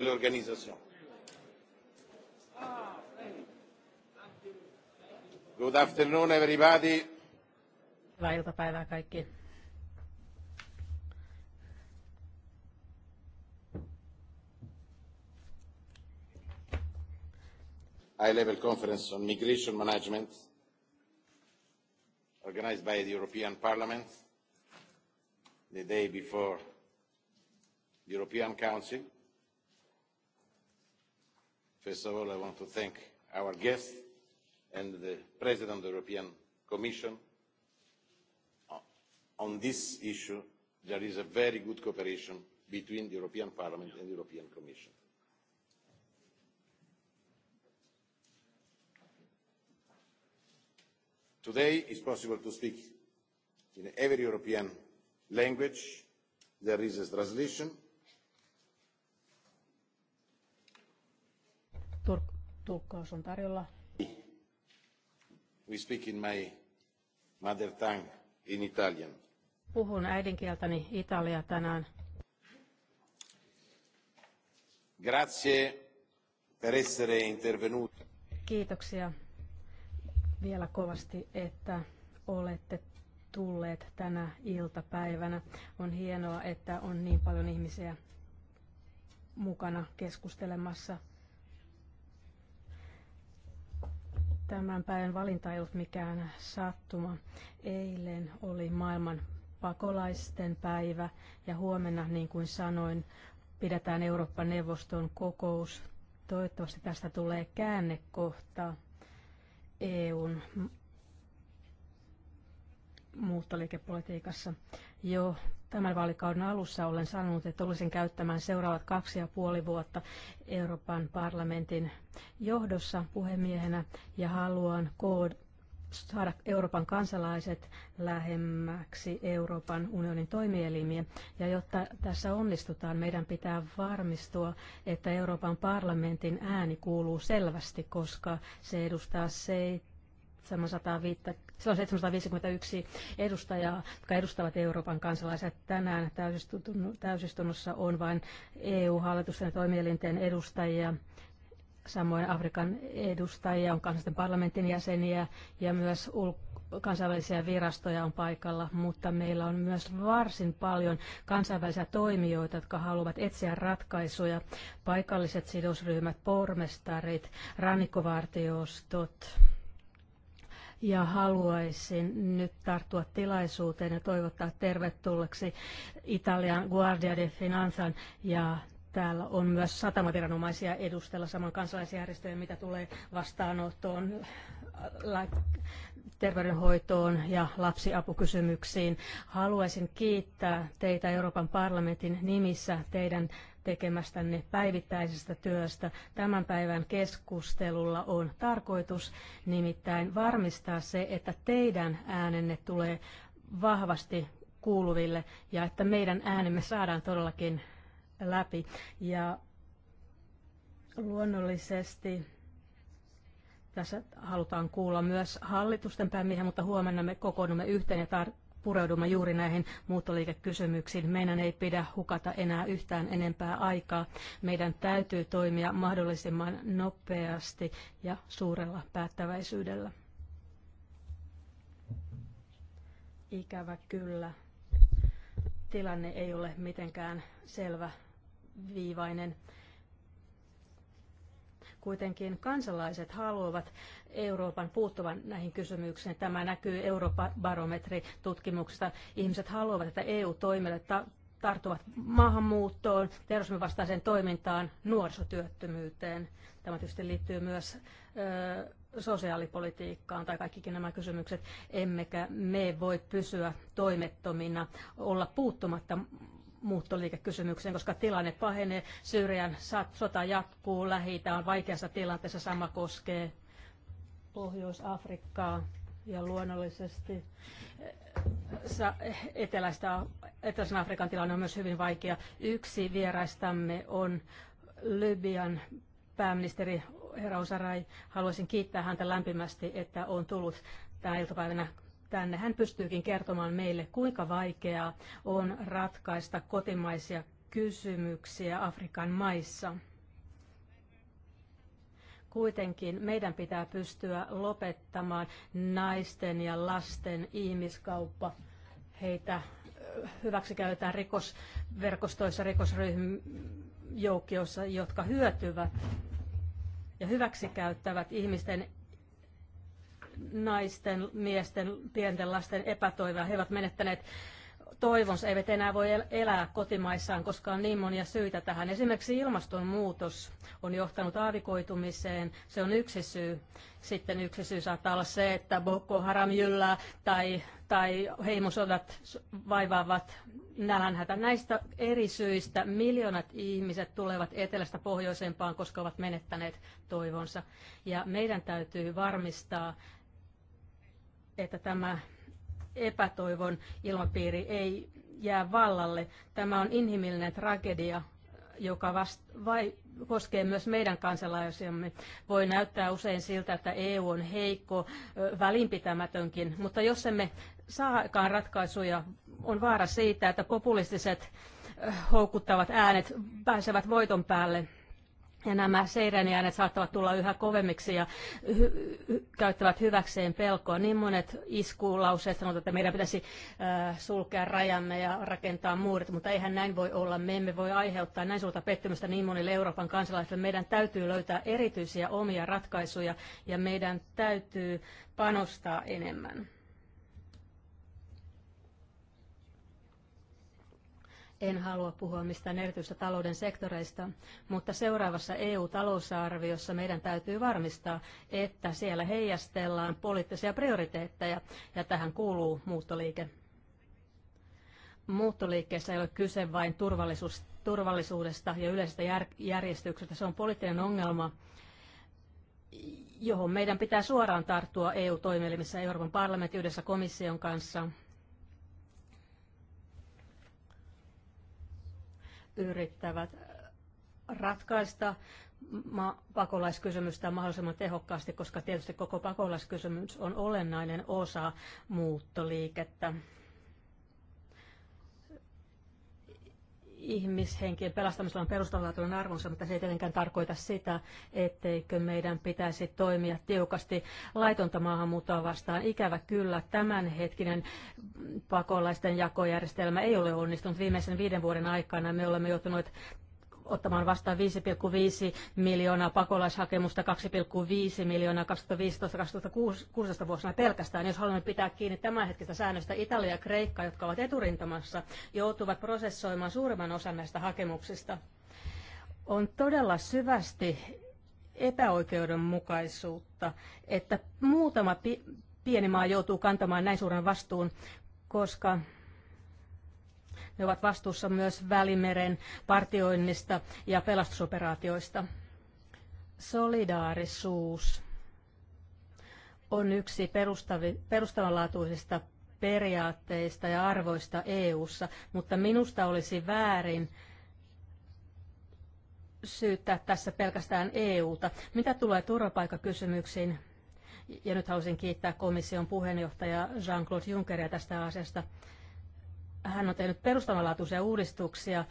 l'organisation. Good afternoon everybody. Hyvää iltapäivää kaikki. High level conference on migration management organized by the European Parliament the day before the European Council First of all, I want to thank our guests and the President of the European Commission. Uh, on this issue, there is a very good cooperation between the European Parliament and the European Commission. Today, it is possible to speak in every European language. There is a translation Tulkkaus on tarjolla. We speak in my mother tongue, in Italian. Puhun äidinkieltäni Italia tänään. Grazie per essere intervenuto. Kiitoksia vielä kovasti, että olette tulleet tänä iltapäivänä. On hienoa, että on niin paljon ihmisiä mukana keskustelemassa Tämän päivän valinta ei ollut mikään sattuma. Eilen oli maailman pakolaisten päivä ja huomenna, niin kuin sanoin, pidetään Euroopan neuvoston kokous. Toivottavasti tästä tulee käännekohta EUn muuttoliikepolitiikassa. Jo tämän vaalikauden alussa olen sanonut, että tulisin käyttämään seuraavat kaksi ja puoli vuotta Euroopan parlamentin johdossa puhemiehenä ja haluan kood saada Euroopan kansalaiset lähemmäksi Euroopan unionin toimielimiä. Ja jotta tässä onnistutaan, meidän pitää varmistua, että Euroopan parlamentin ääni kuuluu selvästi, koska se edustaa se on 751 edustajaa, jotka edustavat Euroopan kansalaisia. Tänään täysistunnossa on vain EU-hallitusten ja toimielinten edustajia, samoin Afrikan edustajia, on kansallisten parlamentin jäseniä ja myös ul- kansainvälisiä virastoja on paikalla, mutta meillä on myös varsin paljon kansainvälisiä toimijoita, jotka haluavat etsiä ratkaisuja. Paikalliset sidosryhmät, pormestarit, rannikkovartiostot, ja haluaisin nyt tarttua tilaisuuteen ja toivottaa tervetulleeksi Italian Guardia de Finanzan ja täällä on myös satamaviranomaisia edustella saman kansalaisjärjestöjä, mitä tulee vastaanottoon, terveydenhoitoon ja lapsiapukysymyksiin. Haluaisin kiittää teitä Euroopan parlamentin nimissä teidän tekemästänne päivittäisestä työstä. Tämän päivän keskustelulla on tarkoitus nimittäin varmistaa se, että teidän äänenne tulee vahvasti kuuluville ja että meidän äänemme saadaan todellakin läpi. Ja luonnollisesti tässä halutaan kuulla myös hallitusten päämiehen, mutta huomenna me kokoonnumme yhteen ja tar- pureudumme juuri näihin muuttoliikekysymyksiin. Meidän ei pidä hukata enää yhtään enempää aikaa. Meidän täytyy toimia mahdollisimman nopeasti ja suurella päättäväisyydellä. Ikävä kyllä. Tilanne ei ole mitenkään selvä viivainen. Kuitenkin kansalaiset haluavat Euroopan puuttuvan näihin kysymyksiin. Tämä näkyy Eurobarometri-tutkimuksesta. Ihmiset haluavat, että EU-toimijat tarttuvat maahanmuuttoon, terrorismin toimintaan, nuorisotyöttömyyteen. Tämä tietysti liittyy myös ö, sosiaalipolitiikkaan tai kaikkikin nämä kysymykset. Emmekä me voi pysyä toimettomina, olla puuttumatta muuttoliikekysymykseen, koska tilanne pahenee, Syyrian sota jatkuu, lähi on vaikeassa tilanteessa, sama koskee Pohjois-Afrikkaa ja luonnollisesti eh, eh, eteläistä, eteläisen Afrikan tilanne on myös hyvin vaikea. Yksi vieraistamme on Libyan pääministeri Herra Osarai. Haluaisin kiittää häntä lämpimästi, että on tullut tänä iltapäivänä tänne. Hän pystyykin kertomaan meille, kuinka vaikeaa on ratkaista kotimaisia kysymyksiä Afrikan maissa. Kuitenkin meidän pitää pystyä lopettamaan naisten ja lasten ihmiskauppa. Heitä hyväksikäytetään rikosverkostoissa, rikosryhmien jotka hyötyvät ja hyväksikäyttävät ihmisten naisten, miesten, pienten lasten epätoivoa. He ovat menettäneet toivonsa, eivät enää voi elää kotimaissaan, koska on niin monia syitä tähän. Esimerkiksi ilmastonmuutos on johtanut aavikoitumiseen, se on yksi syy. Sitten yksi syy saattaa olla se, että Boko Haram jyllää tai, tai heimosodat vaivaavat nälänhätä. Näistä eri syistä miljoonat ihmiset tulevat etelästä pohjoisempaan, koska ovat menettäneet toivonsa. Ja meidän täytyy varmistaa, että tämä epätoivon ilmapiiri ei jää vallalle. Tämä on inhimillinen tragedia, joka vast, vai, koskee myös meidän kansalaisiamme. Voi näyttää usein siltä, että EU on heikko, välinpitämätönkin, mutta jos emme saakaan ratkaisuja, on vaara siitä, että populistiset houkuttavat äänet pääsevät voiton päälle ja nämä seireniäänet saattavat tulla yhä kovemmiksi ja hy- hy- käyttävät hyväkseen pelkoa. Niin monet iskulauseet sanovat, että meidän pitäisi äh, sulkea rajamme ja rakentaa muurit, mutta eihän näin voi olla. Me emme voi aiheuttaa näin suurta pettymystä niin monille Euroopan kansalaisille. Meidän täytyy löytää erityisiä omia ratkaisuja ja meidän täytyy panostaa enemmän. En halua puhua mistään erityistä talouden sektoreista, mutta seuraavassa EU-talousarviossa meidän täytyy varmistaa, että siellä heijastellaan poliittisia prioriteetteja, ja tähän kuuluu muuttoliike. Muuttoliikkeessä ei ole kyse vain turvallisuus, turvallisuudesta ja yleisestä jär, järjestyksestä. Se on poliittinen ongelma, johon meidän pitää suoraan tarttua EU-toimielimissä Euroopan parlamentin yhdessä komission kanssa – yrittävät ratkaista pakolaiskysymystä mahdollisimman tehokkaasti, koska tietysti koko pakolaiskysymys on olennainen osa muuttoliikettä. ihmishenkien pelastamisella on perustavanlaatuinen arvonsa, mutta se ei tietenkään tarkoita sitä, etteikö meidän pitäisi toimia tiukasti laitonta maahanmuuttoa vastaan. Ikävä kyllä, tämänhetkinen pakolaisten jakojärjestelmä ei ole onnistunut. Viimeisen viiden vuoden aikana me olemme joutuneet ottamaan vastaan 5,5 miljoonaa pakolaishakemusta, 2,5 miljoonaa 2015-2016 vuosina pelkästään. Jos haluamme pitää kiinni tämänhetkistä säännöstä, Italia ja Kreikka, jotka ovat eturintamassa, joutuvat prosessoimaan suurimman osan näistä hakemuksista. On todella syvästi epäoikeudenmukaisuutta, että muutama pieni maa joutuu kantamaan näin suuren vastuun, koska ne ovat vastuussa myös Välimeren partioinnista ja pelastusoperaatioista. Solidaarisuus on yksi perustavanlaatuisista periaatteista ja arvoista EU:ssa, mutta minusta olisi väärin syyttää tässä pelkästään EUta. Mitä tulee turvapaikkakysymyksiin, ja nyt haluaisin kiittää komission puheenjohtajaa Jean-Claude Junckeria tästä asiasta hän on tehnyt perustavanlaatuisia uudistuksia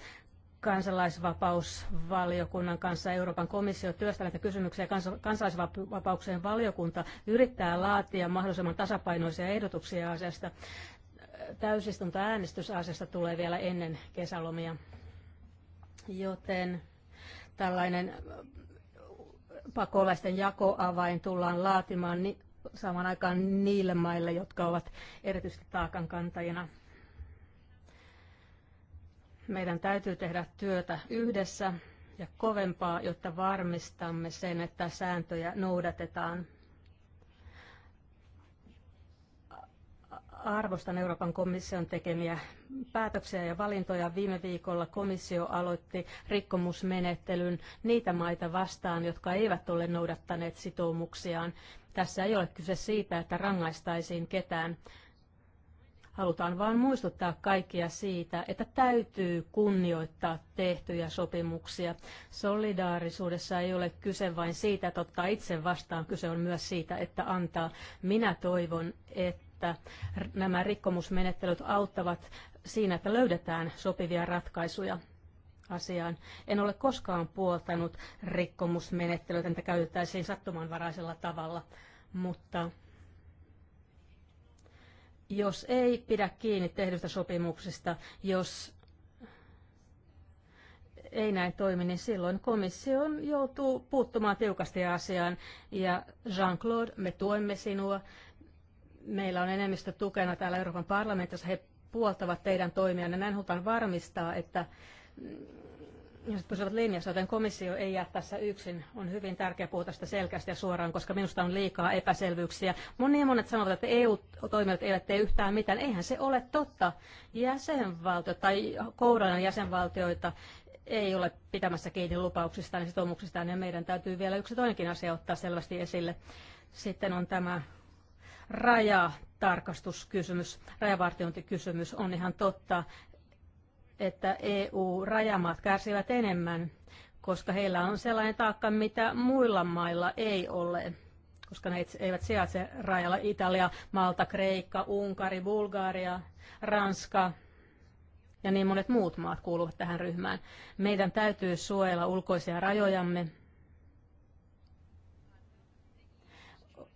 kansalaisvapausvaliokunnan kanssa. Euroopan komissio työstää näitä kysymyksiä. Kans- kansalaisvapauksien valiokunta yrittää laatia mahdollisimman tasapainoisia ehdotuksia asiasta. Täysistunta äänestysasiasta tulee vielä ennen kesälomia. Joten tällainen pakolaisten jakoavain tullaan laatimaan samaan aikaan niille maille, jotka ovat erityisesti taakankantajina meidän täytyy tehdä työtä yhdessä ja kovempaa, jotta varmistamme sen, että sääntöjä noudatetaan. Arvostan Euroopan komission tekemiä päätöksiä ja valintoja. Viime viikolla komissio aloitti rikkomusmenettelyn niitä maita vastaan, jotka eivät ole noudattaneet sitoumuksiaan. Tässä ei ole kyse siitä, että rangaistaisiin ketään. Halutaan vain muistuttaa kaikkia siitä, että täytyy kunnioittaa tehtyjä sopimuksia. Solidaarisuudessa ei ole kyse vain siitä, että ottaa itse vastaan, kyse on myös siitä, että antaa. Minä toivon, että nämä rikkomusmenettelyt auttavat siinä, että löydetään sopivia ratkaisuja asiaan. En ole koskaan puoltanut rikkomusmenettelyitä, että käytettäisiin sattumanvaraisella tavalla, mutta jos ei pidä kiinni tehdystä sopimuksesta, jos ei näin toimi, niin silloin komissio joutuu puuttumaan tiukasti asiaan. Ja Jean-Claude, me tuemme sinua. Meillä on enemmistö tukena täällä Euroopan parlamentissa. He puoltavat teidän ja Näin halutaan varmistaa, että ihmiset pysyvät linjassa, joten komissio ei jää tässä yksin. On hyvin tärkeää puhua tästä selkeästi ja suoraan, koska minusta on liikaa epäselvyyksiä. Monia monet sanovat, että EU-toimijat eivät tee yhtään mitään. Eihän se ole totta. Jäsenvaltio tai kourallinen jäsenvaltioita ei ole pitämässä kiinni lupauksistaan ja sitoumuksistaan, ja meidän täytyy vielä yksi toinenkin asia ottaa selvästi esille. Sitten on tämä rajatarkastuskysymys, rajavartiointikysymys on ihan totta, että EU-rajamaat kärsivät enemmän, koska heillä on sellainen taakka, mitä muilla mailla ei ole koska ne eivät sijaitse rajalla Italia, Malta, Kreikka, Unkari, Bulgaria, Ranska ja niin monet muut maat kuuluvat tähän ryhmään. Meidän täytyy suojella ulkoisia rajojamme.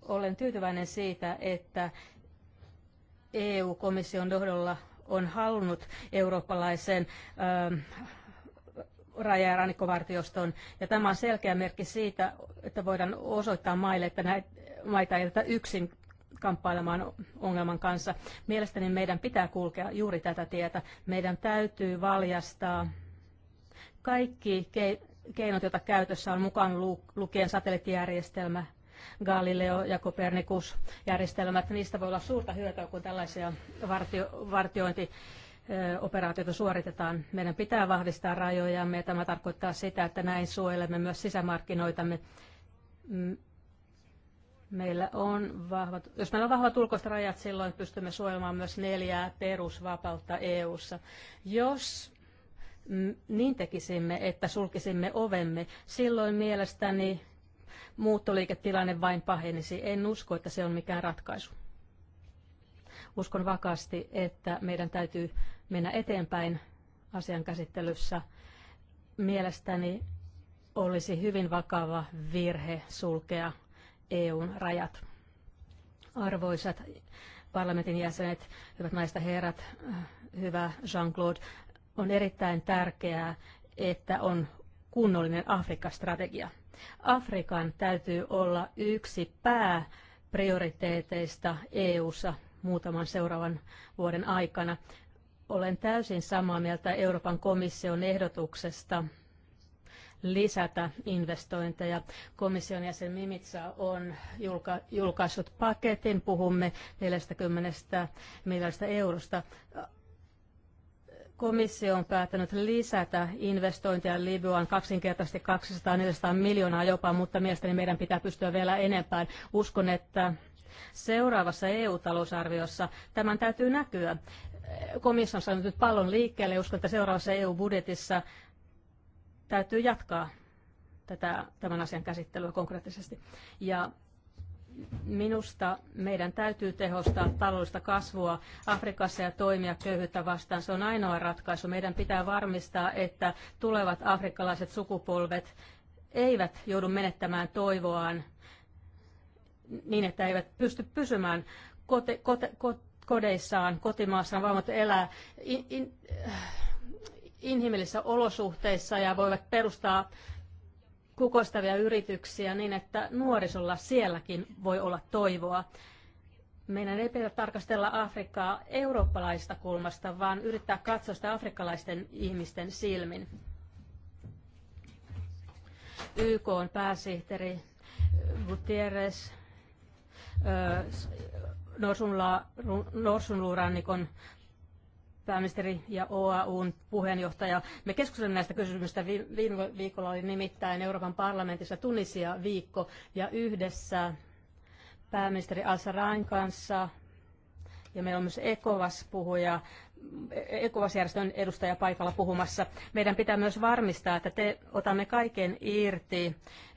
Olen tyytyväinen siitä, että EU-komission johdolla on halunnut eurooppalaisen ähm, raja- ja rannikkovartioston. Ja tämä on selkeä merkki siitä, että voidaan osoittaa maille, että näitä maita ei jätetä yksin kamppailemaan ongelman kanssa. Mielestäni meidän pitää kulkea juuri tätä tietä. Meidän täytyy valjastaa kaikki keinot, joita käytössä on mukaan lukien satelliittijärjestelmä, Galileo ja Copernicus järjestelmät, niistä voi olla suurta hyötyä, kun tällaisia vartio, vartiointi operaatioita suoritetaan. Meidän pitää vahvistaa rajojamme ja tämä tarkoittaa sitä, että näin suojelemme myös sisämarkkinoitamme. Mm, meillä on vahvat, jos meillä on vahvat ulkoiset rajat, silloin pystymme suojelemaan myös neljää perusvapautta EU:ssa. Jos mm, niin tekisimme, että sulkisimme ovemme, silloin mielestäni muuttoliiketilanne vain pahenisi. En usko, että se on mikään ratkaisu. Uskon vakaasti, että meidän täytyy mennä eteenpäin asian käsittelyssä. Mielestäni olisi hyvin vakava virhe sulkea EUn rajat. Arvoisat parlamentin jäsenet, hyvät naista herrat, hyvä Jean-Claude, on erittäin tärkeää, että on kunnollinen Afrikka-strategia. Afrikan täytyy olla yksi pääprioriteeteista EU:ssa muutaman seuraavan vuoden aikana. Olen täysin samaa mieltä Euroopan komission ehdotuksesta lisätä investointeja. Komission jäsen Mimitsa on julka- julkaissut paketin. Puhumme 40 miljardista eurosta Komissio on päättänyt lisätä investointia Libyaan kaksinkertaisesti 200-400 miljoonaa jopa, mutta mielestäni meidän pitää pystyä vielä enempään. Uskon, että seuraavassa EU-talousarviossa tämän täytyy näkyä. Komissio on saanut nyt pallon liikkeelle. Uskon, että seuraavassa EU-budjetissa täytyy jatkaa tätä, tämän asian käsittelyä konkreettisesti. Ja Minusta meidän täytyy tehostaa taloudellista kasvua Afrikassa ja toimia köyhyyttä vastaan. Se on ainoa ratkaisu. Meidän pitää varmistaa, että tulevat afrikkalaiset sukupolvet eivät joudu menettämään toivoaan niin, että eivät pysty pysymään kote, kote, kote, kodeissaan, kotimaassaan, vaan elää in, in, inhimillisissä olosuhteissa ja voivat perustaa kukoistavia yrityksiä niin, että nuorisolla sielläkin voi olla toivoa. Meidän ei pidä tarkastella Afrikkaa eurooppalaista kulmasta, vaan yrittää katsoa sitä afrikkalaisten ihmisten silmin. YK on pääsihteeri Gutierrez Norsunluurannikon pääministeri ja OAUn puheenjohtaja. Me keskustelimme näistä kysymyksistä. Viime viikolla oli nimittäin Euroopan parlamentissa Tunisia viikko ja yhdessä pääministeri Al-Sarain kanssa ja meillä on myös ECOVAS puhuja, ECOVAS-järjestön edustaja paikalla puhumassa. Meidän pitää myös varmistaa, että te otamme kaiken irti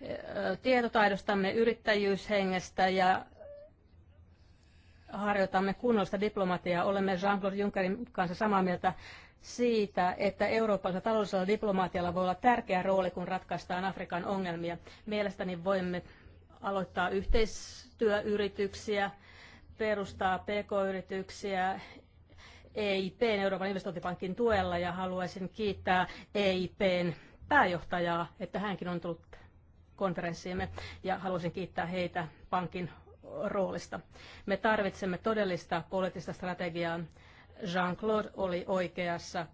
eh, tietotaidostamme, yrittäjyyshengestä ja harjoitamme kunnollista diplomatiaa. Olemme Jean-Claude Junckerin kanssa samaa mieltä siitä, että Euroopassa taloudellisella diplomatialla voi olla tärkeä rooli, kun ratkaistaan Afrikan ongelmia. Mielestäni voimme aloittaa yhteistyöyrityksiä, perustaa pk-yrityksiä, EIP Euroopan investointipankin tuella ja haluaisin kiittää EIPn pääjohtajaa, että hänkin on tullut konferenssiimme ja haluaisin kiittää heitä pankin roolista. Me tarvitsemme todellista poliittista strategiaa. Jean-Claude oli oikeassa,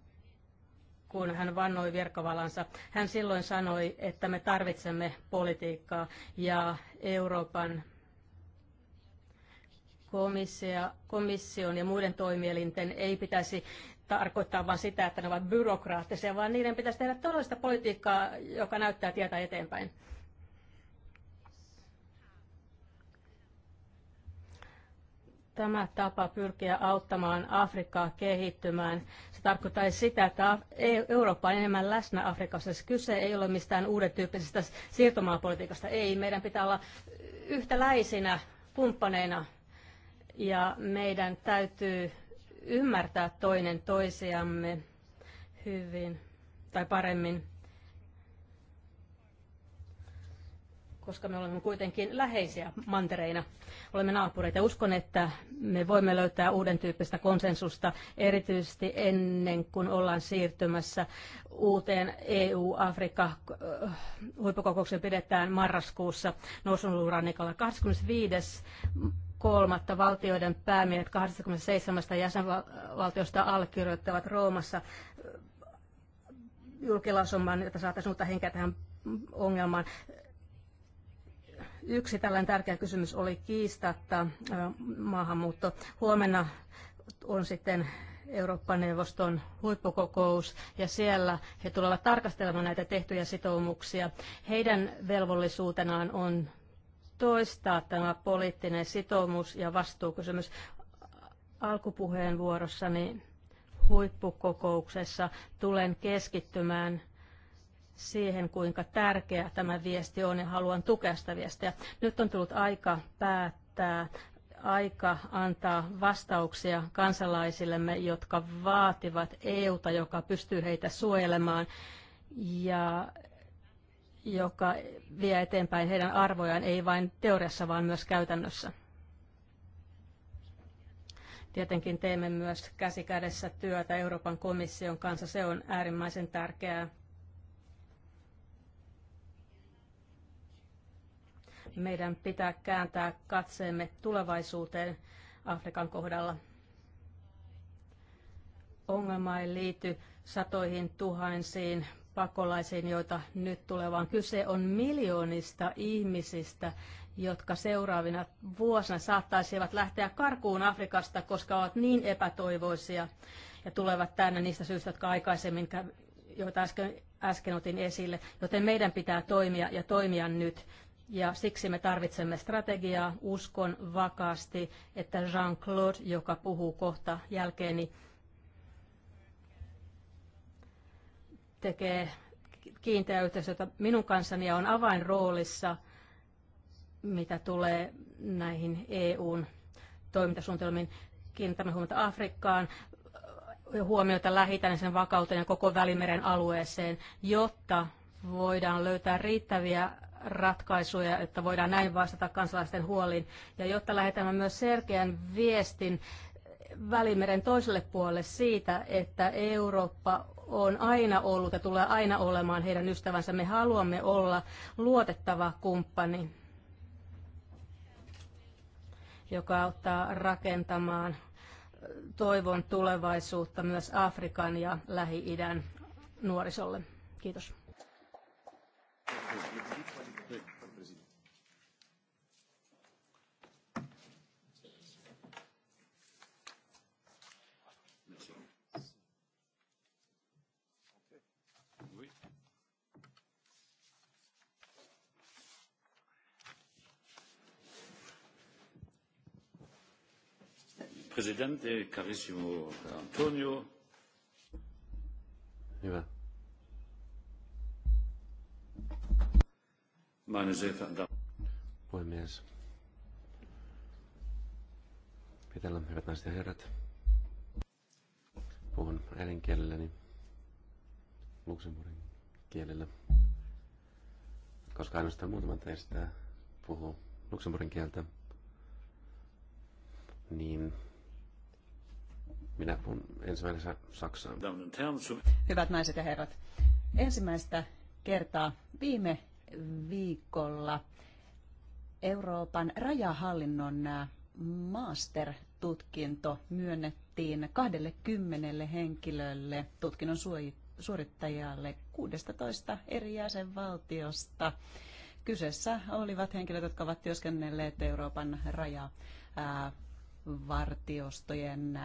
kun hän vannoi virkavalansa. Hän silloin sanoi, että me tarvitsemme politiikkaa ja Euroopan komissia, komission ja muiden toimielinten ei pitäisi tarkoittaa vain sitä, että ne ovat byrokraattisia, vaan niiden pitäisi tehdä todellista politiikkaa, joka näyttää tietä eteenpäin. tämä tapa pyrkiä auttamaan Afrikkaa kehittymään. Se tarkoittaisi sitä, että e- Eurooppa on enemmän läsnä Afrikassa. Se siis kyse ei ole mistään uuden tyyppisestä siirtomaapolitiikasta. Ei, meidän pitää olla yhtäläisinä kumppaneina ja meidän täytyy ymmärtää toinen toisiamme hyvin tai paremmin. koska me olemme kuitenkin läheisiä mantereina. Olemme naapureita. Uskon, että me voimme löytää uuden tyyppistä konsensusta, erityisesti ennen kuin ollaan siirtymässä uuteen EU-Afrikka-huippukokoukseen äh, pidetään marraskuussa Norsunluurannikolla 25 kolmatta valtioiden päämiehet 27 jäsenvaltiosta allekirjoittavat Roomassa äh, julkilausuman, jota saataisiin uutta henkeä tähän ongelmaan. Yksi tällainen tärkeä kysymys oli kiistatta maahanmuutto. Huomenna on sitten Eurooppa-neuvoston huippukokous, ja siellä he tulevat tarkastelemaan näitä tehtyjä sitoumuksia. Heidän velvollisuutenaan on toistaa tämä poliittinen sitoumus ja vastuukysymys. Alkupuheenvuorossani huippukokouksessa tulen keskittymään siihen, kuinka tärkeä tämä viesti on ja haluan tukea sitä viestiä. Nyt on tullut aika päättää aika antaa vastauksia kansalaisillemme, jotka vaativat EUta, joka pystyy heitä suojelemaan ja joka vie eteenpäin heidän arvojaan, ei vain teoriassa, vaan myös käytännössä. Tietenkin teemme myös käsikädessä työtä Euroopan komission kanssa. Se on äärimmäisen tärkeää Meidän pitää kääntää katseemme tulevaisuuteen Afrikan kohdalla. Ongelma ei liity satoihin tuhansiin pakolaisiin, joita nyt tulee, vaan kyse on miljoonista ihmisistä, jotka seuraavina vuosina saattaisivat lähteä karkuun Afrikasta, koska ovat niin epätoivoisia ja tulevat tänne niistä syistä, jotka aikaisemmin, joita äsken, äsken otin esille. Joten meidän pitää toimia ja toimia nyt. Ja siksi me tarvitsemme strategiaa. Uskon vakaasti, että Jean-Claude, joka puhuu kohta jälkeeni, tekee kiinteä yhteistyötä minun kanssani ja on avainroolissa, mitä tulee näihin EUn toimintasuunnitelmiin. Kiinnitämme huomiota Afrikkaan, huomiota lähi sen vakauteen ja koko Välimeren alueeseen, jotta voidaan löytää riittäviä ratkaisuja, että voidaan näin vastata kansalaisten huoliin. Ja jotta lähetämme myös selkeän viestin Välimeren toiselle puolelle siitä, että Eurooppa on aina ollut ja tulee aina olemaan heidän ystävänsä. Me haluamme olla luotettava kumppani, joka auttaa rakentamaan toivon tulevaisuutta myös Afrikan ja Lähi-idän nuorisolle. Kiitos. Presidente, carissimo Antonio. Hyvä. Puhemies. Pitellä, hyvät naiset ja herrat. Puhun äidinkielelläni, luksemburgin kielellä, koska ainoastaan muutama teistä puhuu luksemburgin kieltä, niin minä puhun ensimmäisenä Saksaan. Hyvät naiset ja herrat, ensimmäistä kertaa viime viikolla Euroopan rajahallinnon master-tutkinto myönnettiin 20 henkilölle tutkinnon suorittajalle 16 eri jäsenvaltiosta. Kyseessä olivat henkilöt, jotka ovat työskennelleet Euroopan rajavartiostojen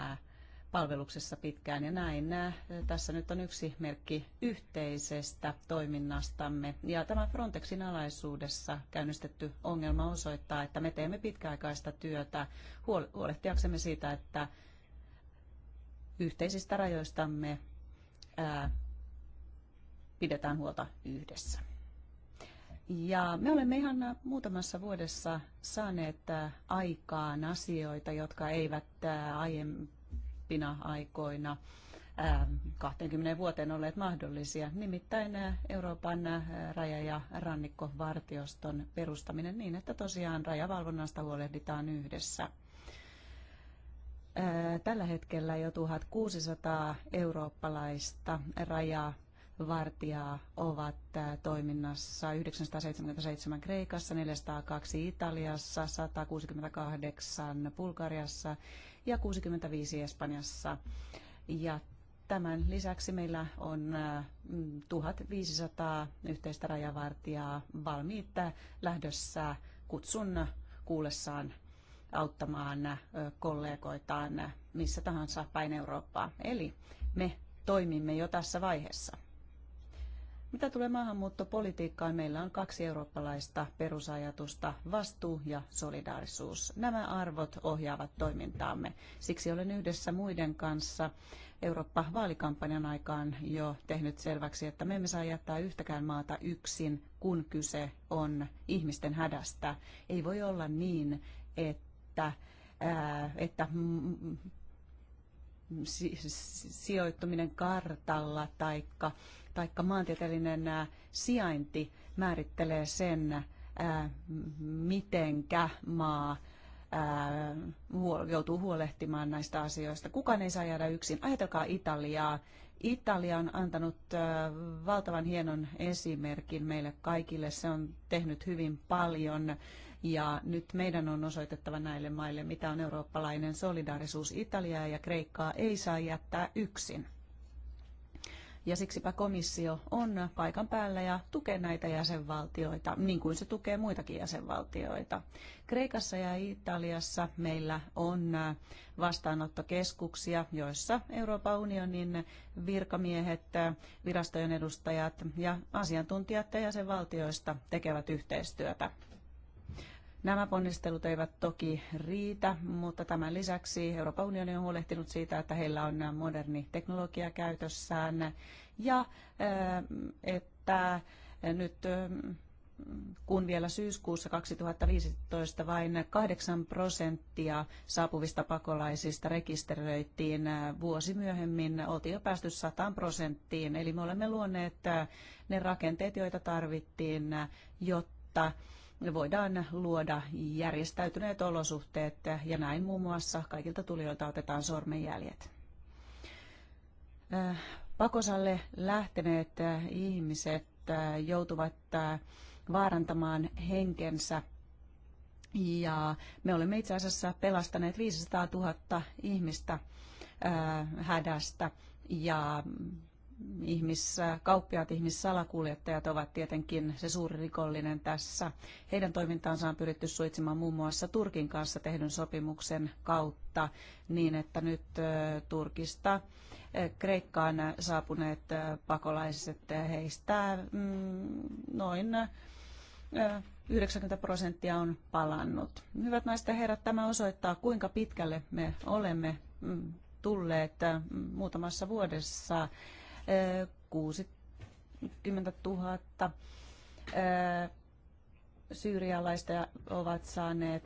palveluksessa pitkään ja näin. Äh, tässä nyt on yksi merkki yhteisestä toiminnastamme. Ja tämä Frontexin alaisuudessa käynnistetty ongelma osoittaa, että me teemme pitkäaikaista työtä huolehtiaksemme siitä, että yhteisistä rajoistamme ää, äh, pidetään huolta yhdessä. Ja me olemme ihan muutamassa vuodessa saaneet äh, aikaan asioita, jotka eivät aiemmin kuluneempina aikoina 20 vuoteen olleet mahdollisia. Nimittäin äh, Euroopan äh, raja- ja rannikkovartioston perustaminen niin, että tosiaan rajavalvonnasta huolehditaan yhdessä. Äh, tällä hetkellä jo 1600 eurooppalaista rajaa ovat toiminnassa 977 Kreikassa, 402 Italiassa, 168 Bulgariassa ja 65 Espanjassa. Ja tämän lisäksi meillä on 1500 äh, yhteistä rajavartijaa valmiita lähdössä kutsun kuullessaan auttamaan äh, kollegoitaan missä tahansa päin Eurooppaa. Eli me toimimme jo tässä vaiheessa. Mitä tulee maahanmuuttopolitiikkaan, meillä on kaksi eurooppalaista perusajatusta, vastuu ja solidaarisuus. Nämä arvot ohjaavat toimintaamme. Siksi olen yhdessä muiden kanssa Eurooppa-vaalikampanjan aikaan jo tehnyt selväksi, että me emme saa jättää yhtäkään maata yksin, kun kyse on ihmisten hädästä. Ei voi olla niin, että, ää, että sijoittuminen kartalla taikka, taikka maantieteellinen sijainti määrittelee sen, mitenkä maa joutuu huolehtimaan näistä asioista. Kukaan ei saa jäädä yksin. Ajatelkaa Italiaa. Italia on antanut valtavan hienon esimerkin meille kaikille. Se on tehnyt hyvin paljon ja nyt meidän on osoitettava näille maille, mitä on eurooppalainen solidaarisuus. Italiaa ja Kreikkaa ei saa jättää yksin. Ja siksipä komissio on paikan päällä ja tukee näitä jäsenvaltioita, niin kuin se tukee muitakin jäsenvaltioita. Kreikassa ja Italiassa meillä on vastaanottokeskuksia, joissa Euroopan unionin virkamiehet, virastojen edustajat ja asiantuntijat ja jäsenvaltioista tekevät yhteistyötä. Nämä ponnistelut eivät toki riitä, mutta tämän lisäksi Euroopan unioni on huolehtinut siitä, että heillä on moderni teknologia käytössään ja eh, että nyt eh, kun vielä syyskuussa 2015 vain 8 prosenttia saapuvista pakolaisista rekisteröitiin, eh, vuosi myöhemmin oltiin jo päästy 100 prosenttiin. Eli me olemme luoneet ne rakenteet, joita tarvittiin, jotta voidaan luoda järjestäytyneet olosuhteet ja näin muun muassa kaikilta tulijoilta otetaan sormenjäljet. Äh, pakosalle lähteneet äh, ihmiset äh, joutuvat vaarantamaan henkensä ja me olemme itse asiassa pelastaneet 500 000 ihmistä hädästä ja ihmiskauppiaat, ihmissalakuljettajat ovat tietenkin se suuri rikollinen tässä. Heidän toimintaansa on pyritty suitsimaan muun muassa Turkin kanssa tehdyn sopimuksen kautta niin, että nyt Turkista Kreikkaan saapuneet pakolaiset heistä mm, noin 90 prosenttia on palannut. Hyvät naiset ja herrat, tämä osoittaa, kuinka pitkälle me olemme mm, tulleet muutamassa vuodessa 60 000 syyrialaista ovat saaneet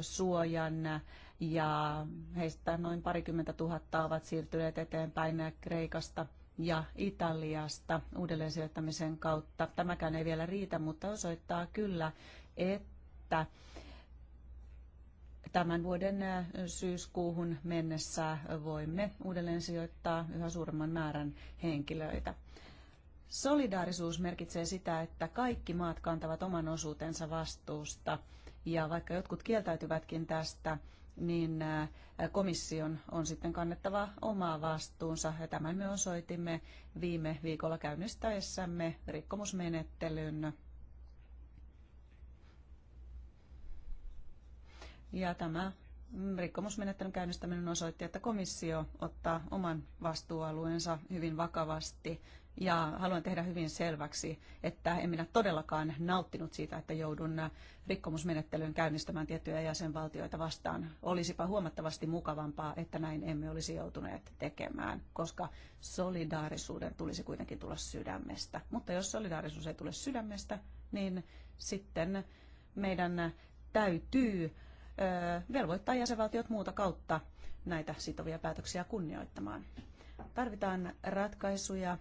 suojan ja heistä noin parikymmentä tuhatta ovat siirtyneet eteenpäin Kreikasta ja Italiasta uudelleen sijoittamisen kautta. Tämäkään ei vielä riitä, mutta osoittaa kyllä, että tämän vuoden syyskuuhun mennessä voimme uudelleen sijoittaa yhä suuremman määrän henkilöitä. Solidaarisuus merkitsee sitä, että kaikki maat kantavat oman osuutensa vastuusta. Ja vaikka jotkut kieltäytyvätkin tästä, niin komission on sitten kannettava omaa vastuunsa. Ja tämän me osoitimme viime viikolla käynnistäessämme rikkomusmenettelyn Ja tämä rikkomusmenettelyn käynnistäminen osoitti, että komissio ottaa oman vastuualueensa hyvin vakavasti. Ja haluan tehdä hyvin selväksi, että en minä todellakaan nauttinut siitä, että joudun rikkomusmenettelyyn käynnistämään tiettyjä jäsenvaltioita vastaan. Olisipa huomattavasti mukavampaa, että näin emme olisi joutuneet tekemään, koska solidaarisuuden tulisi kuitenkin tulla sydämestä. Mutta jos solidaarisuus ei tule sydämestä, niin sitten meidän täytyy velvoittaa jäsenvaltiot muuta kautta näitä sitovia päätöksiä kunnioittamaan. Tarvitaan ratkaisuja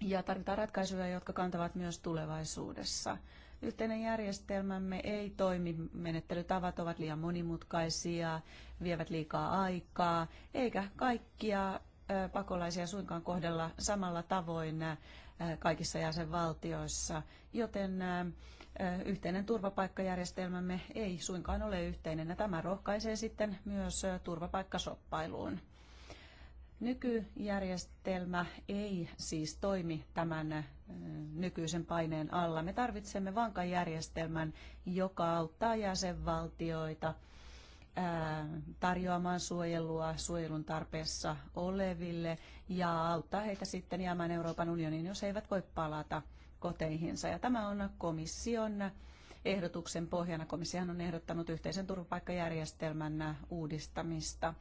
ja tarvitaan ratkaisuja, jotka kantavat myös tulevaisuudessa. Yhteinen järjestelmämme ei toimi, menettelytavat ovat liian monimutkaisia, vievät liikaa aikaa, eikä kaikkia pakolaisia suinkaan kohdella samalla tavoin kaikissa jäsenvaltioissa, joten yhteinen turvapaikkajärjestelmämme ei suinkaan ole yhteinen ja tämä rohkaisee sitten myös turvapaikkasoppailuun. Nykyjärjestelmä ei siis toimi tämän nykyisen paineen alla. Me tarvitsemme vankan järjestelmän, joka auttaa jäsenvaltioita tarjoamaan suojelua suojelun tarpeessa oleville ja auttaa heitä sitten jäämään Euroopan unioniin, jos he eivät voi palata – koteihinsa. Ja tämä on komission ehdotuksen pohjana. Komissiohan on ehdottanut yhteisen turvapaikkajärjestelmän uudistamista.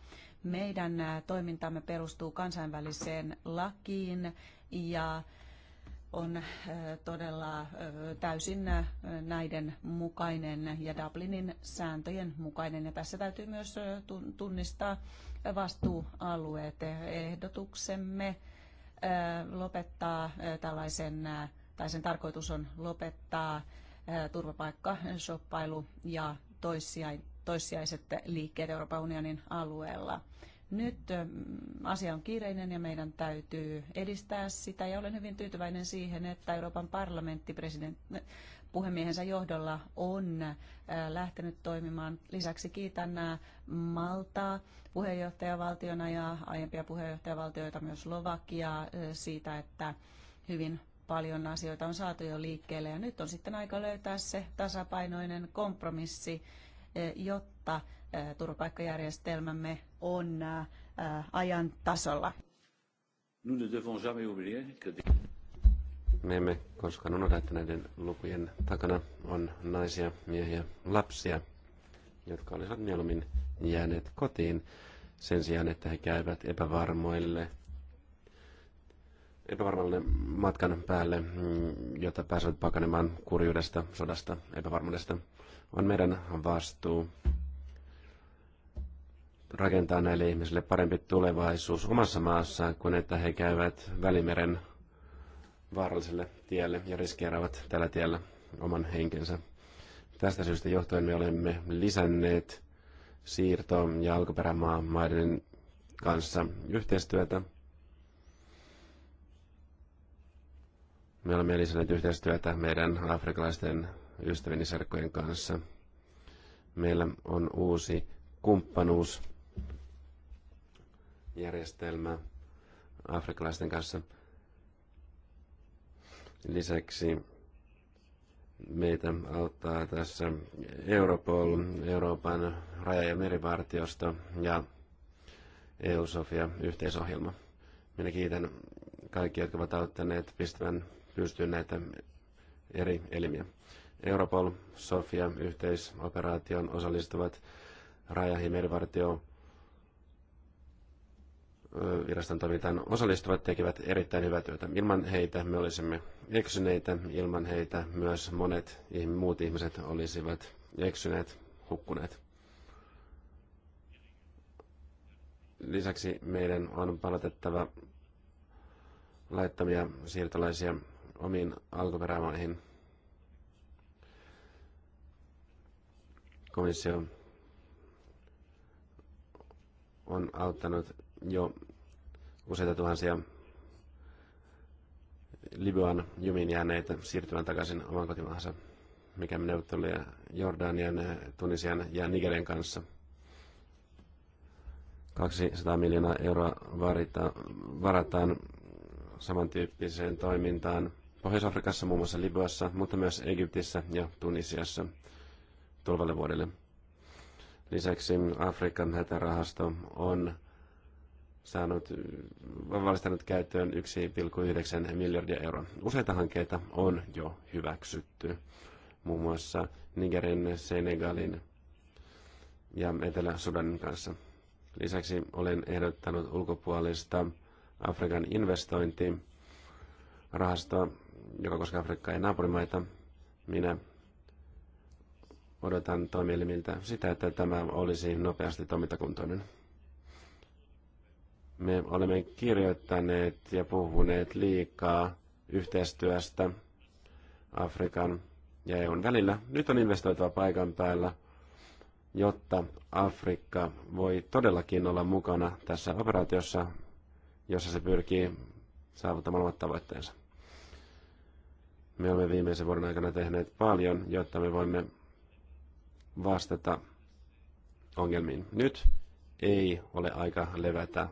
Meidän toimintamme perustuu kansainväliseen lakiin ja on todella täysin näiden mukainen ja Dublinin sääntöjen mukainen. Ja tässä täytyy myös tunnistaa vastuualueet. Ehdotuksemme lopettaa tällaisen tai sen tarkoitus on lopettaa turvapaikkashoppailu ja toissijaiset liikkeet Euroopan unionin alueella. Nyt asia on kiireinen ja meidän täytyy edistää sitä ja olen hyvin tyytyväinen siihen, että Euroopan parlamentti puhemiehensä johdolla on lähtenyt toimimaan. Lisäksi kiitän Maltaa puheenjohtajavaltiona ja aiempia puheenjohtajavaltioita myös Slovakiaa siitä, että hyvin paljon asioita on saatu jo liikkeelle ja nyt on sitten aika löytää se tasapainoinen kompromissi, eh, jotta eh, turvapaikkajärjestelmämme on eh, ajan tasolla. Me emme koskaan unohda, että näiden lukujen takana on naisia, miehiä, lapsia, jotka olisivat mieluummin jääneet kotiin sen sijaan, että he käyvät epävarmoille epävarmalle matkan päälle, mm, jota pääsevät pakenemaan kurjuudesta, sodasta, epävarmuudesta, on meidän vastuu rakentaa näille ihmisille parempi tulevaisuus omassa maassaan kuin että he käyvät Välimeren vaaralliselle tielle ja riskeeraavat tällä tiellä oman henkensä. Tästä syystä johtuen me olemme lisänneet siirto- ja alkuperämaa maiden kanssa yhteistyötä – Me olemme lisänneet yhteistyötä meidän afrikalaisten ystävien serkkojen kanssa. Meillä on uusi kumppanuusjärjestelmä afrikalaisten kanssa. Lisäksi meitä auttaa tässä Europol, Euroopan raja- ja merivartiosto ja EU-Sofia yhteisohjelma. Minä kiitän kaikki, jotka ovat auttaneet pistävän pystyy näitä eri elimiä. Europol, Sofia, yhteisoperaation osallistuvat raja- ja merivartio viraston toimintaan osallistuvat tekevät erittäin hyvää työtä. Ilman heitä me olisimme eksyneitä, ilman heitä myös monet muut ihmiset olisivat eksyneet, hukkuneet. Lisäksi meidän on palautettava laittamia siirtolaisia omiin alkuperämaihin. Komissio on auttanut jo useita tuhansia Libyan jumiin jääneitä siirtymään takaisin oman kotimaahansa, mikä ja Jordanian, Tunisian ja Nigerin kanssa. 200 miljoonaa euroa varataan samantyyppiseen toimintaan Pohjois-Afrikassa, muun muassa Libyassa, mutta myös Egyptissä ja Tunisiassa tulevalle vuodelle. Lisäksi Afrikan hätärahasto on saanut, valistanut käyttöön 1,9 miljardia euroa. Useita hankkeita on jo hyväksytty, muun muassa Nigerin, Senegalin ja Etelä-Sudanin kanssa. Lisäksi olen ehdottanut ulkopuolista Afrikan investointi rahastoa joka koskee Afrikkaa ja naapurimaita. Minä odotan toimielimiltä sitä, että tämä olisi nopeasti toimintakuntoinen. Me olemme kirjoittaneet ja puhuneet liikaa yhteistyöstä Afrikan ja EUn välillä. Nyt on investoitava paikan päällä, jotta Afrikka voi todellakin olla mukana tässä operaatiossa, jossa se pyrkii saavuttamaan omat tavoitteensa. Me olemme viimeisen vuoden aikana tehneet paljon, jotta me voimme vastata ongelmiin. Nyt ei ole aika levätä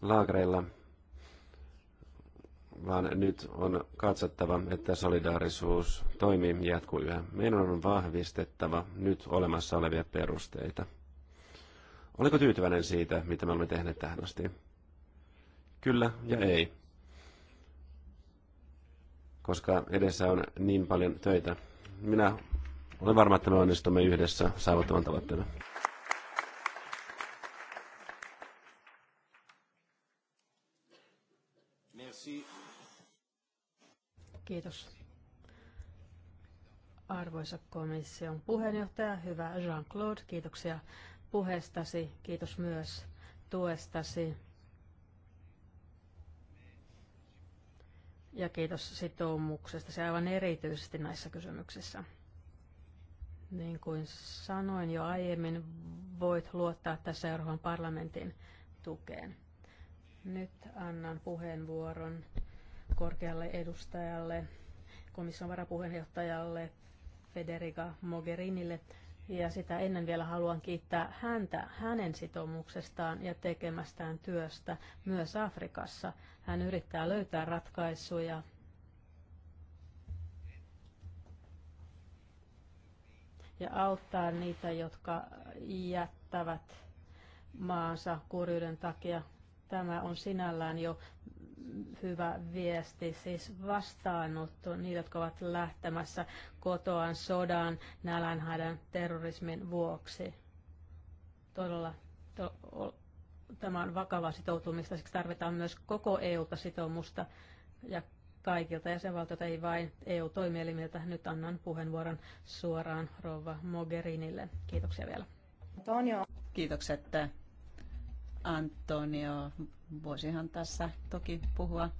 laakereilla, vaan nyt on katsottava, että solidaarisuus toimii jatkuu yhä. Meidän on vahvistettava nyt olemassa olevia perusteita. Oliko tyytyväinen siitä, mitä me olemme tehneet tähän asti? Kyllä ja ei koska edessä on niin paljon töitä. Minä olen varma, että me onnistumme yhdessä saavuttamaan tavoitteena. Kiitos. Arvoisa komission puheenjohtaja, hyvä Jean-Claude, kiitoksia puheestasi, kiitos myös tuestasi. ja kiitos sitoumuksesta se aivan erityisesti näissä kysymyksissä. Niin kuin sanoin jo aiemmin, voit luottaa tässä Euroopan parlamentin tukeen. Nyt annan puheenvuoron korkealle edustajalle, komission varapuheenjohtajalle Federica Mogherinille. Ja sitä ennen vielä haluan kiittää häntä hänen sitoumuksestaan ja tekemästään työstä myös Afrikassa. Hän yrittää löytää ratkaisuja ja auttaa niitä, jotka jättävät maansa kurjuuden takia. Tämä on sinällään jo hyvä viesti, siis vastaanotto niitä, jotka ovat lähtemässä kotoaan sodan, nälänhädän, terrorismin vuoksi. Todella to, o, tämä on vakava sitoutumista, siksi tarvitaan myös koko EU: ta sitoumusta ja kaikilta jäsenvaltioilta, ei vain EU-toimielimiltä. Nyt annan puheenvuoron suoraan Rova Mogherinille. Kiitoksia vielä. Antonio. Kiitokset Antonio, voisihan tässä toki puhua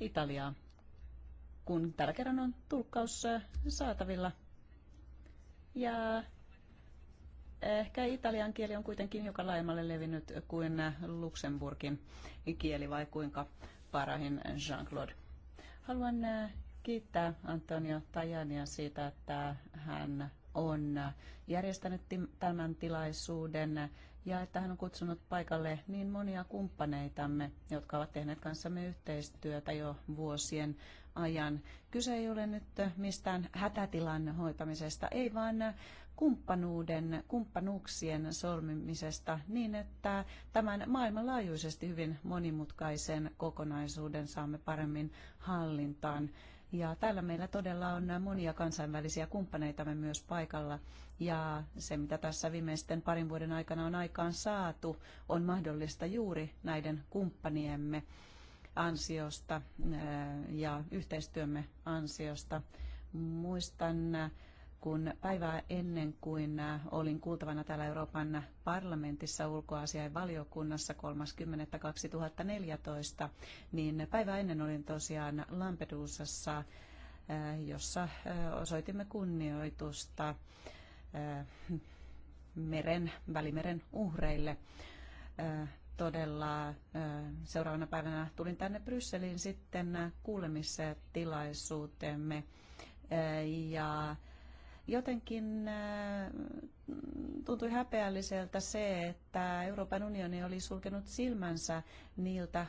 Italiaa, kun tällä kerran on tulkkaus saatavilla. Ja ehkä italian kieli on kuitenkin hiukan laajemmalle levinnyt kuin Luxemburgin kieli, vai kuinka parahin Jean-Claude. Haluan kiittää Antonio Tajania siitä, että hän on järjestänyt tämän tilaisuuden ja että hän on kutsunut paikalle niin monia kumppaneitamme, jotka ovat tehneet kanssamme yhteistyötä jo vuosien ajan. Kyse ei ole nyt mistään hätätilan hoitamisesta, ei vaan kumppanuuden, kumppanuuksien solmimisesta niin, että tämän maailmanlaajuisesti hyvin monimutkaisen kokonaisuuden saamme paremmin hallintaan. Ja täällä meillä todella on monia kansainvälisiä kumppaneitamme myös paikalla. Ja se, mitä tässä viimeisten parin vuoden aikana on aikaan saatu, on mahdollista juuri näiden kumppaniemme ansiosta ja yhteistyömme ansiosta. Muistan, kun päivää ennen kuin olin kuultavana täällä Euroopan parlamentissa ulkoasiain valiokunnassa 30.2014, niin päivää ennen olin tosiaan Lampedusassa, jossa osoitimme kunnioitusta meren, välimeren uhreille. Todella seuraavana päivänä tulin tänne Brysseliin sitten kuulemistilaisuuteemme ja jotenkin tuntui häpeälliseltä se, että Euroopan unioni oli sulkenut silmänsä niiltä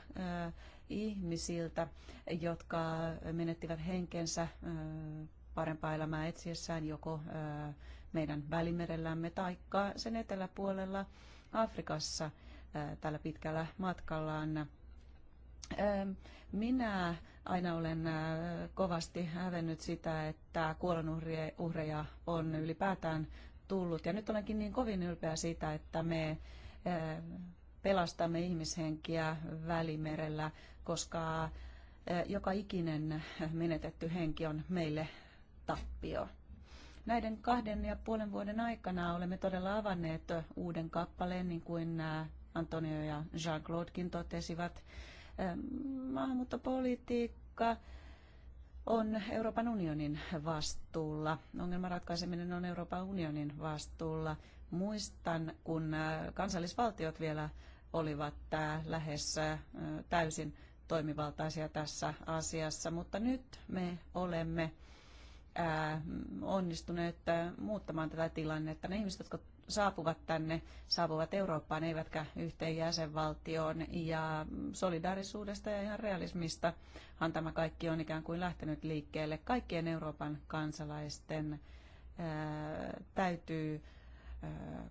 ihmisiltä, jotka menettivät henkensä parempaa elämää etsiessään joko meidän välimerellämme taikka sen eteläpuolella Afrikassa tällä pitkällä matkallaan. Minä aina olen kovasti hävennyt sitä, että kuolonuhreja on ylipäätään tullut. Ja nyt olenkin niin kovin ylpeä siitä, että me pelastamme ihmishenkiä välimerellä, koska joka ikinen menetetty henki on meille tappio. Näiden kahden ja puolen vuoden aikana olemme todella avanneet uuden kappaleen, niin kuin Antonio ja Jean-Claudekin totesivat. Maahanmuuttopolitiikka on Euroopan unionin vastuulla. Ongelman ratkaiseminen on Euroopan unionin vastuulla. Muistan, kun kansallisvaltiot vielä olivat lähes täysin toimivaltaisia tässä asiassa, mutta nyt me olemme onnistuneet muuttamaan tätä tilannetta. Ne ihmiset, jotka saapuvat tänne, saapuvat Eurooppaan, eivätkä yhteen jäsenvaltioon. Ja solidaarisuudesta ja ihan realismista tämä kaikki on ikään kuin lähtenyt liikkeelle. Kaikkien Euroopan kansalaisten täytyy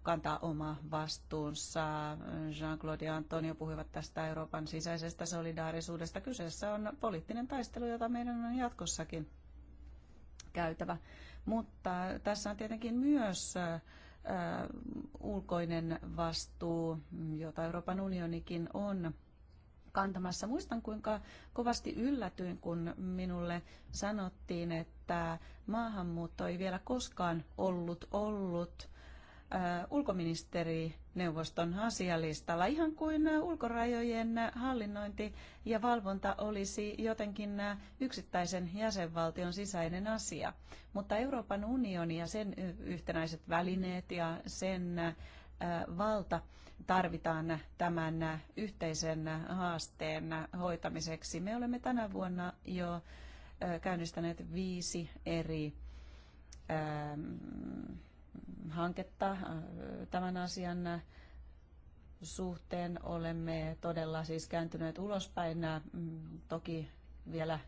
kantaa oma vastuunsa. Jean-Claude ja Antonio puhuivat tästä Euroopan sisäisestä solidaarisuudesta. Kyseessä on poliittinen taistelu, jota meidän on jatkossakin käytävä. Mutta tässä on tietenkin myös ulkoinen vastuu, jota Euroopan unionikin on kantamassa. Muistan, kuinka kovasti yllätyin, kun minulle sanottiin, että maahanmuutto ei vielä koskaan ollut ollut Äh, ulkoministerineuvoston asialistalla, ihan kuin äh, ulkorajojen äh, hallinnointi ja valvonta olisi jotenkin yksittäisen jäsenvaltion sisäinen asia. Mutta Euroopan unioni ja sen yhtenäiset välineet ja sen valta tarvitaan tämän yhteisen haasteen hoitamiseksi. Me olemme tänä vuonna jo käynnistäneet viisi eri ähm, hanketta äh, tämän asian suhteen. Olemme todella siis kääntyneet ulospäin. Mm, toki vielä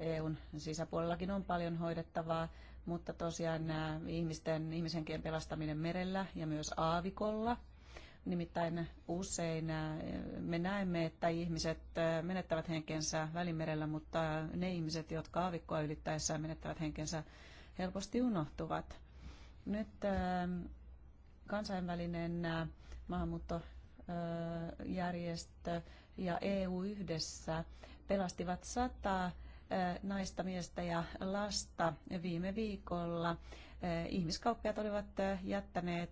EUn sisäpuolellakin on paljon hoidettavaa, mutta tosiaan nämä ihmisten, ihmisenkien pelastaminen merellä ja myös aavikolla. Nimittäin usein me näemme, että ihmiset äh, menettävät henkensä välimerellä, mutta ne ihmiset, jotka aavikkoa ylittäessään menettävät henkensä, helposti unohtuvat. Nyt ähm, kansainvälinen äh, maahanmuuttojärjestö äh, ja EU yhdessä pelastivat sataa äh, naista, miestä ja lasta viime viikolla. Ihmiskauppiat olivat jättäneet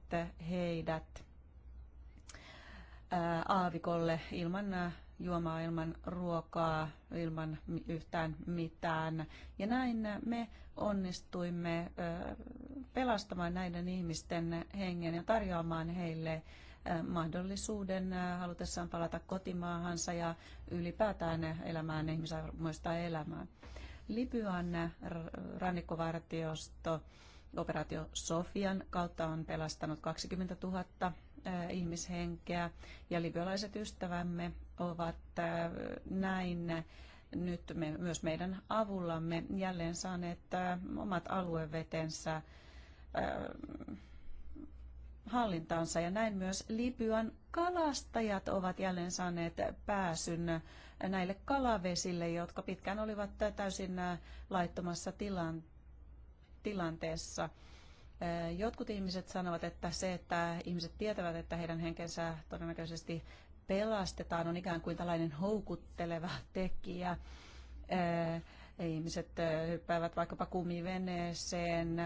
heidät aavikolle ilman juomaa, ilman ruokaa, ilman yhtään mitään. Ja näin me onnistuimme pelastamaan näiden ihmisten hengen ja tarjoamaan heille mahdollisuuden halutessaan palata kotimaahansa ja ylipäätään elämään ihmisarvoista elämää. Libyan rannikkovartiosto operaatio Sofian kautta on pelastanut 20 000 ihmishenkeä ja libyalaiset ystävämme ovat näin nyt me, myös meidän avullamme jälleen saaneet äh, omat aluevetensä äh, hallintaansa ja näin myös Libyan kalastajat ovat jälleen saaneet pääsyn näille kalavesille, jotka pitkään olivat täysin äh, laittomassa tilan, tilanteessa. Jotkut ihmiset sanovat, että se, että ihmiset tietävät, että heidän henkensä todennäköisesti pelastetaan, on ikään kuin tällainen houkutteleva tekijä. Ihmiset hyppäävät vaikkapa kumiveneeseen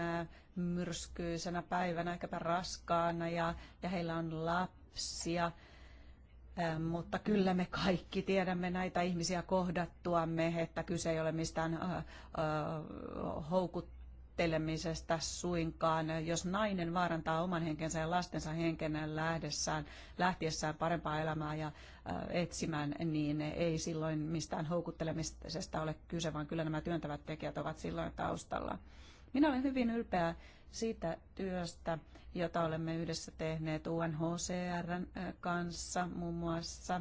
myrskyisenä päivänä, ehkäpä raskaana ja, ja heillä on lapsia. Mutta kyllä me kaikki tiedämme näitä ihmisiä kohdattuamme, että kyse ei ole mistään houkut pahoinpitelemisestä suinkaan. Jos nainen vaarantaa oman henkensä ja lastensa henken lähdessään, lähtiessään parempaa elämää ja äh, etsimään, niin ei silloin mistään houkuttelemisesta ole kyse, vaan kyllä nämä työntävät tekijät ovat silloin taustalla. Minä olen hyvin ylpeä siitä työstä, jota olemme yhdessä tehneet UNHCR äh, kanssa muun muassa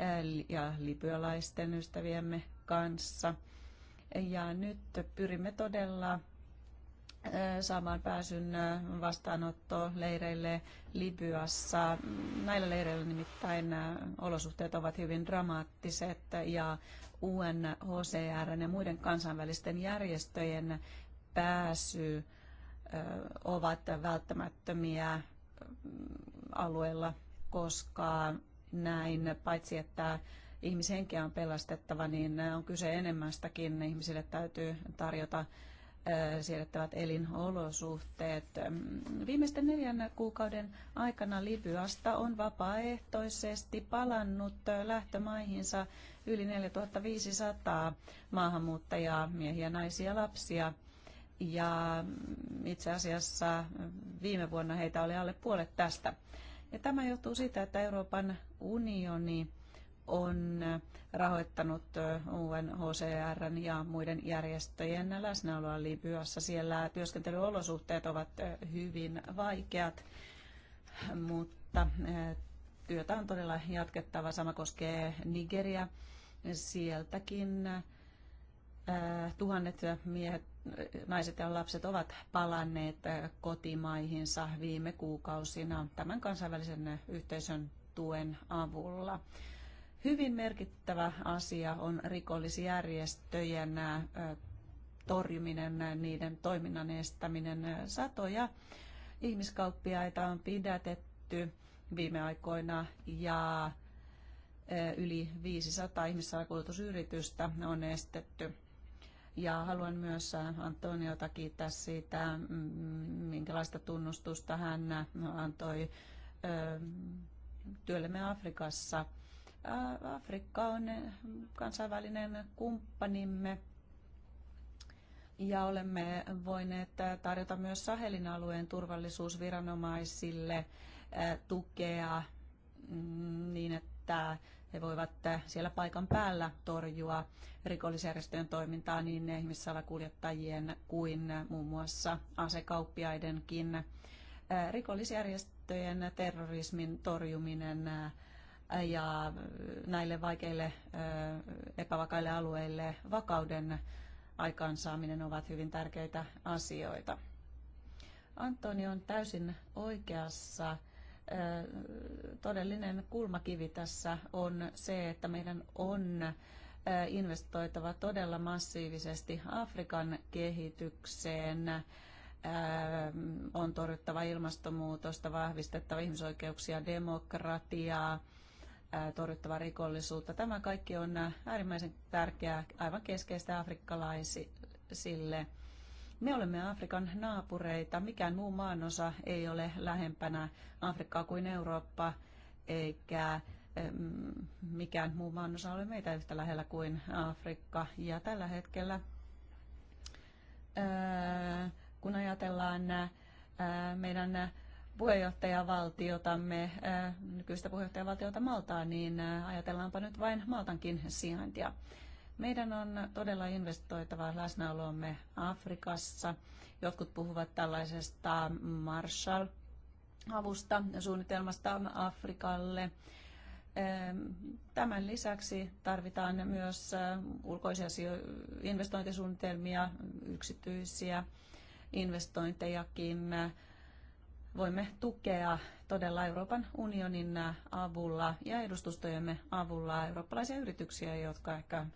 äh, ja libyalaisten ystäviemme kanssa. Ja nyt pyrimme todella saamaan pääsyn vastaanotto leireille Libyassa. Näillä leireillä nimittäin olosuhteet ovat hyvin dramaattiset ja UNHCR ja muiden kansainvälisten järjestöjen pääsy ovat välttämättömiä alueella, koska näin paitsi että ihmishenkeä on pelastettava, niin on kyse enemmästäkin. Ihmisille täytyy tarjota siedettävät elinolosuhteet. Viimeisten neljän kuukauden aikana Libyasta on vapaaehtoisesti palannut lähtömaihinsa yli 4500 maahanmuuttajaa, miehiä, naisia, lapsia. Ja mm, itse asiassa viime vuonna heitä oli alle puolet tästä. Ja tämä johtuu siitä, että Euroopan unioni on rahoittanut UNHCR ja muiden järjestöjen läsnäoloa Libyassa. Siellä työskentelyolosuhteet ovat hyvin vaikeat, mutta työtä on todella jatkettava. Sama koskee Nigeria. Sieltäkin tuhannet miehet, naiset ja lapset ovat palanneet kotimaihinsa viime kuukausina tämän kansainvälisen yhteisön tuen avulla. Hyvin merkittävä asia on rikollisjärjestöjen torjuminen, niiden toiminnan estäminen. Satoja ihmiskauppiaita on pidätetty viime aikoina ja yli 500 ihmissalakuljetusyritystä on estetty. Ja haluan myös Antoniota kiittää siitä, minkälaista tunnustusta hän antoi työllemme Afrikassa. Afrikka on kansainvälinen kumppanimme ja olemme voineet tarjota myös Sahelin alueen turvallisuusviranomaisille tukea mm, niin, että he voivat siellä paikan päällä torjua rikollisjärjestöjen toimintaa niin ihmissalakuljettajien kuin muun muassa asekauppiaidenkin. Rikollisjärjestöjen terrorismin torjuminen ja näille vaikeille epävakaille alueille vakauden aikaansaaminen ovat hyvin tärkeitä asioita. Antoni on täysin oikeassa. Todellinen kulmakivi tässä on se, että meidän on investoitava todella massiivisesti Afrikan kehitykseen on torjuttava ilmastonmuutosta, vahvistettava ihmisoikeuksia, demokratiaa, torjuttavaa rikollisuutta. Tämä kaikki on äärimmäisen tärkeää, aivan keskeistä afrikkalaisille. Me olemme Afrikan naapureita. Mikään muu maanosa ei ole lähempänä Afrikkaa kuin Eurooppa, eikä mikään muu maanosa ole meitä yhtä lähellä kuin Afrikka. Ja tällä hetkellä, kun ajatellaan meidän puheenjohtajavaltiotamme, äh, nykyistä puheenjohtajavaltiota Maltaa, niin äh, ajatellaanpa nyt vain Maltankin sijaintia. Meidän on todella investoitava läsnäolomme Afrikassa. Jotkut puhuvat tällaisesta Marshall-avusta, suunnitelmasta Afrikalle. Ähm, tämän lisäksi tarvitaan myös äh, ulkoisia investointisuunnitelmia, yksityisiä investointejakin voimme tukea todella Euroopan unionin avulla ja edustustojemme avulla eurooppalaisia yrityksiä, jotka ehkä äh,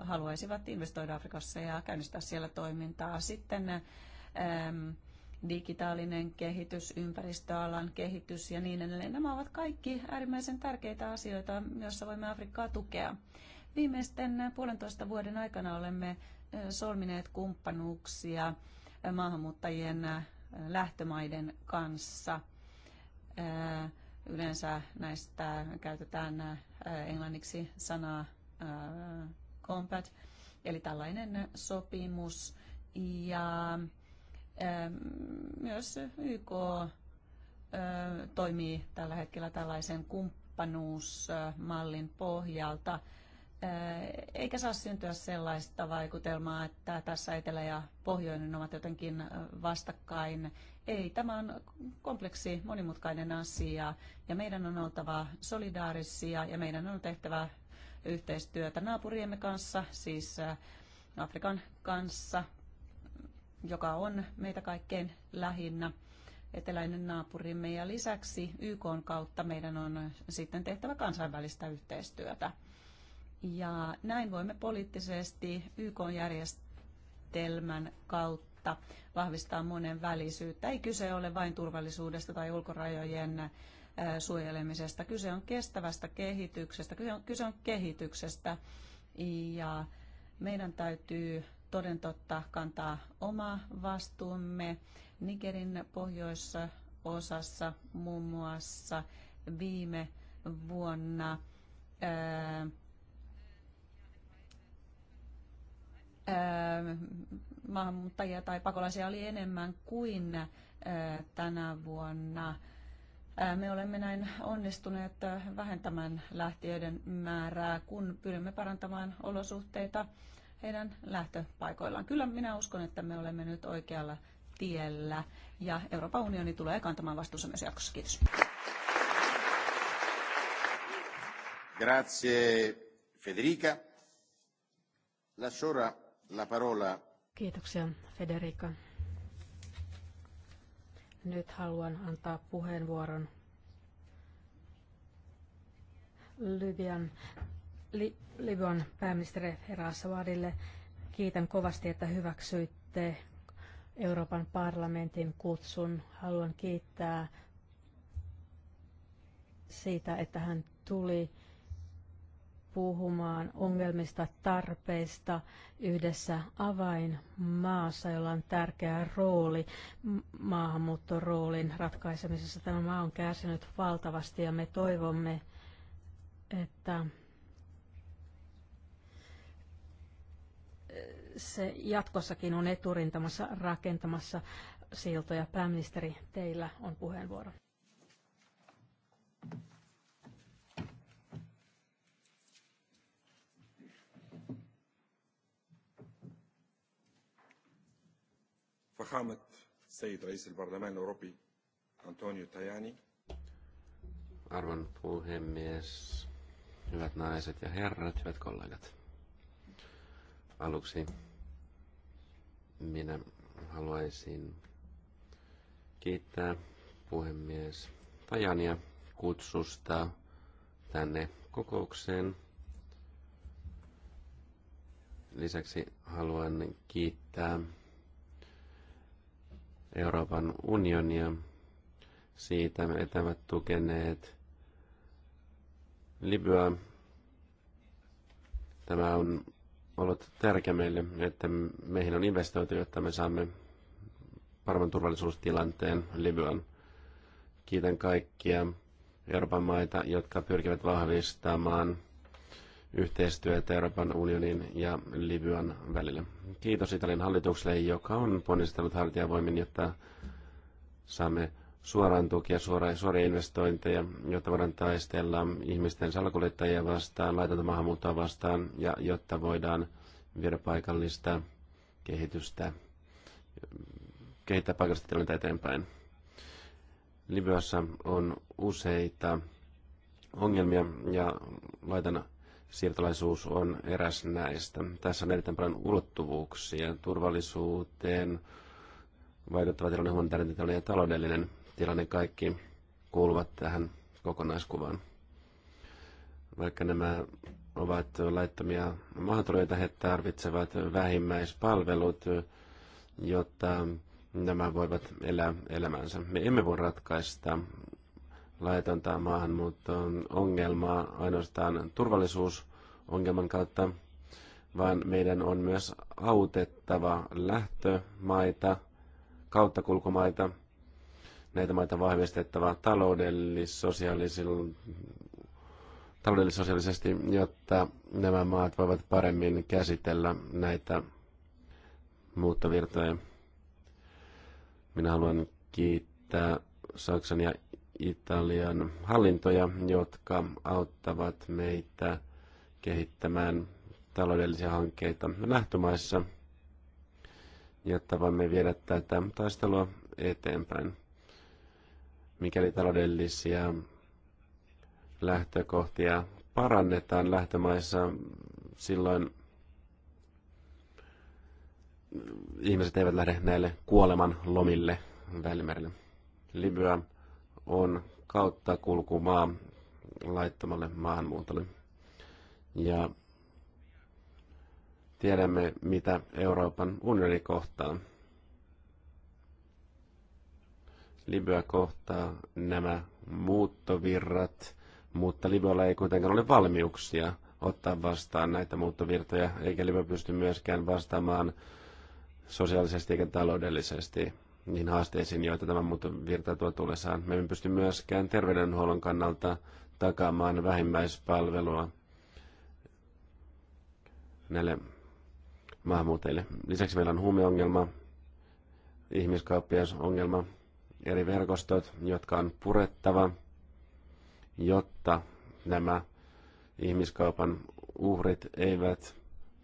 haluaisivat investoida Afrikassa ja käynnistää siellä toimintaa. Sitten ähm, digitaalinen kehitys, ympäristöalan kehitys ja niin edelleen. Nämä ovat kaikki äärimmäisen tärkeitä asioita, joissa voimme Afrikkaa tukea. Viimeisten puolentoista vuoden aikana olemme äh, solmineet kumppanuuksia äh, maahanmuuttajien lähtömaiden kanssa. Yleensä näistä käytetään englanniksi sanaa compact, eli tällainen sopimus. Ja myös YK toimii tällä hetkellä tällaisen kumppanuusmallin pohjalta eikä saa syntyä sellaista vaikutelmaa, että tässä Etelä ja Pohjoinen ovat jotenkin vastakkain. Ei, tämä on kompleksi, monimutkainen asia ja meidän on oltava solidaarisia ja meidän on tehtävä yhteistyötä naapuriemme kanssa, siis Afrikan kanssa, joka on meitä kaikkein lähinnä eteläinen naapurimme ja lisäksi YK kautta meidän on sitten tehtävä kansainvälistä yhteistyötä. Ja näin voimme poliittisesti YK-järjestelmän kautta vahvistaa monen välisyyttä. Ei kyse ole vain turvallisuudesta tai ulkorajojen suojelemisesta. Kyse on kestävästä kehityksestä, kyse on kehityksestä ja meidän täytyy toden totta kantaa oma vastuumme. Nigerin pohjoisosassa muun muassa viime vuonna ää, maahanmuuttajia tai pakolaisia oli enemmän kuin tänä vuonna. Me olemme näin onnistuneet vähentämään lähtiöiden määrää, kun pyrimme parantamaan olosuhteita heidän lähtöpaikoillaan. Kyllä minä uskon, että me olemme nyt oikealla tiellä ja Euroopan unioni tulee kantamaan vastuunsa myös jatkossa. Kiitos. Grazie Federica. Lasciora la parola. Kiitoksia, Federica. Nyt haluan antaa puheenvuoron Libyan, Li, Libyan pääministeri Rassavadille. Kiitän kovasti, että hyväksyitte Euroopan parlamentin kutsun. Haluan kiittää siitä, että hän tuli puhumaan ongelmista, tarpeista yhdessä avainmaassa, jolla on tärkeä rooli maahanmuuttoroolin ratkaisemisessa. Tämä maa on kärsinyt valtavasti ja me toivomme, että eh, se jatkossakin on eturintamassa rakentamassa siltoja. Pääministeri, teillä on puheenvuoro. فخامة السيد رئيس البرلمان الأوروبي أنطونيو Tajani. Arvon puhemies, hyvät naiset ja herrat, hyvät kollegat. Aluksi minä haluaisin kiittää puhemies Tajania kutsusta tänne kokoukseen. Lisäksi haluan kiittää Euroopan unionia siitä, että tukeneet Libya Tämä on ollut tärkeä meille, että meihin on investoitu, jotta me saamme paremman turvallisuustilanteen Libyan. Kiitän kaikkia Euroopan maita, jotka pyrkivät vahvistamaan yhteistyötä Euroopan unionin ja Libyan välillä. Kiitos Italian hallitukselle, joka on ponnistellut hartiavoimin, jotta saamme suoraan tukia, suora, suoria investointeja, jotta voidaan taistella ihmisten salakuljettajia vastaan, laitonta maahanmuuttoa vastaan ja jotta voidaan viedä paikallista kehitystä, kehittää paikallista tilannetta eteenpäin. Libyassa on useita ongelmia ja laitan Siirtolaisuus on eräs näistä. Tässä on erittäin paljon ulottuvuuksia turvallisuuteen, vaikuttava tilanne, humanitaarinen tilanne ja taloudellinen tilanne. Kaikki kuuluvat tähän kokonaiskuvaan. Vaikka nämä ovat laittomia maahantuloja, he tarvitsevat vähimmäispalvelut, jotta nämä voivat elää elämänsä. Me emme voi ratkaista laitonta maahanmuuton ongelmaa ainoastaan turvallisuusongelman kautta, vaan meidän on myös autettava lähtömaita, kauttakulkumaita, näitä maita vahvistettava taloudellis sosiaalisesti jotta nämä maat voivat paremmin käsitellä näitä muuttovirtoja. Minä haluan kiittää Saksan ja Italian hallintoja, jotka auttavat meitä kehittämään taloudellisia hankkeita lähtömaissa, jotta voimme viedä tätä taistelua eteenpäin. Mikäli taloudellisia lähtökohtia parannetaan lähtömaissa, silloin ihmiset eivät lähde näille kuoleman lomille Välimerelle. Libya on kautta kulkumaa laittomalle maahanmuutolle. Ja tiedämme, mitä Euroopan unioni kohtaa. Libya kohtaa nämä muuttovirrat, mutta Libyalla ei kuitenkaan ole valmiuksia ottaa vastaan näitä muuttovirtoja, eikä Libya pysty myöskään vastaamaan sosiaalisesti eikä taloudellisesti niihin haasteisiin, joita tämä muuta virtaa tuo tullessaan. Me emme pysty myöskään terveydenhuollon kannalta takaamaan vähimmäispalvelua näille maahanmuuttajille. Lisäksi meillä on huumeongelma, ihmiskauppiasongelma, eri verkostot, jotka on purettava, jotta nämä ihmiskaupan uhrit eivät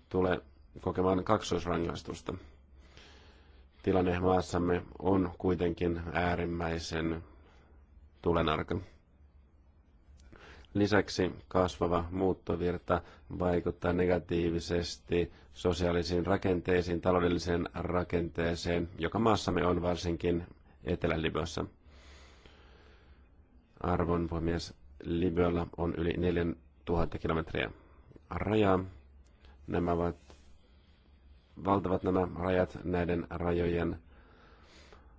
tule kokemaan kaksoisrangaistusta tilanne maassamme on kuitenkin äärimmäisen tulenarka. Lisäksi kasvava muuttovirta vaikuttaa negatiivisesti sosiaalisiin rakenteisiin, taloudelliseen rakenteeseen, joka maassamme on varsinkin Etelä-Libyassa. Arvon puhemies, Libyalla on yli 4000 kilometriä rajaa. Nämä ovat valtavat nämä rajat, näiden rajojen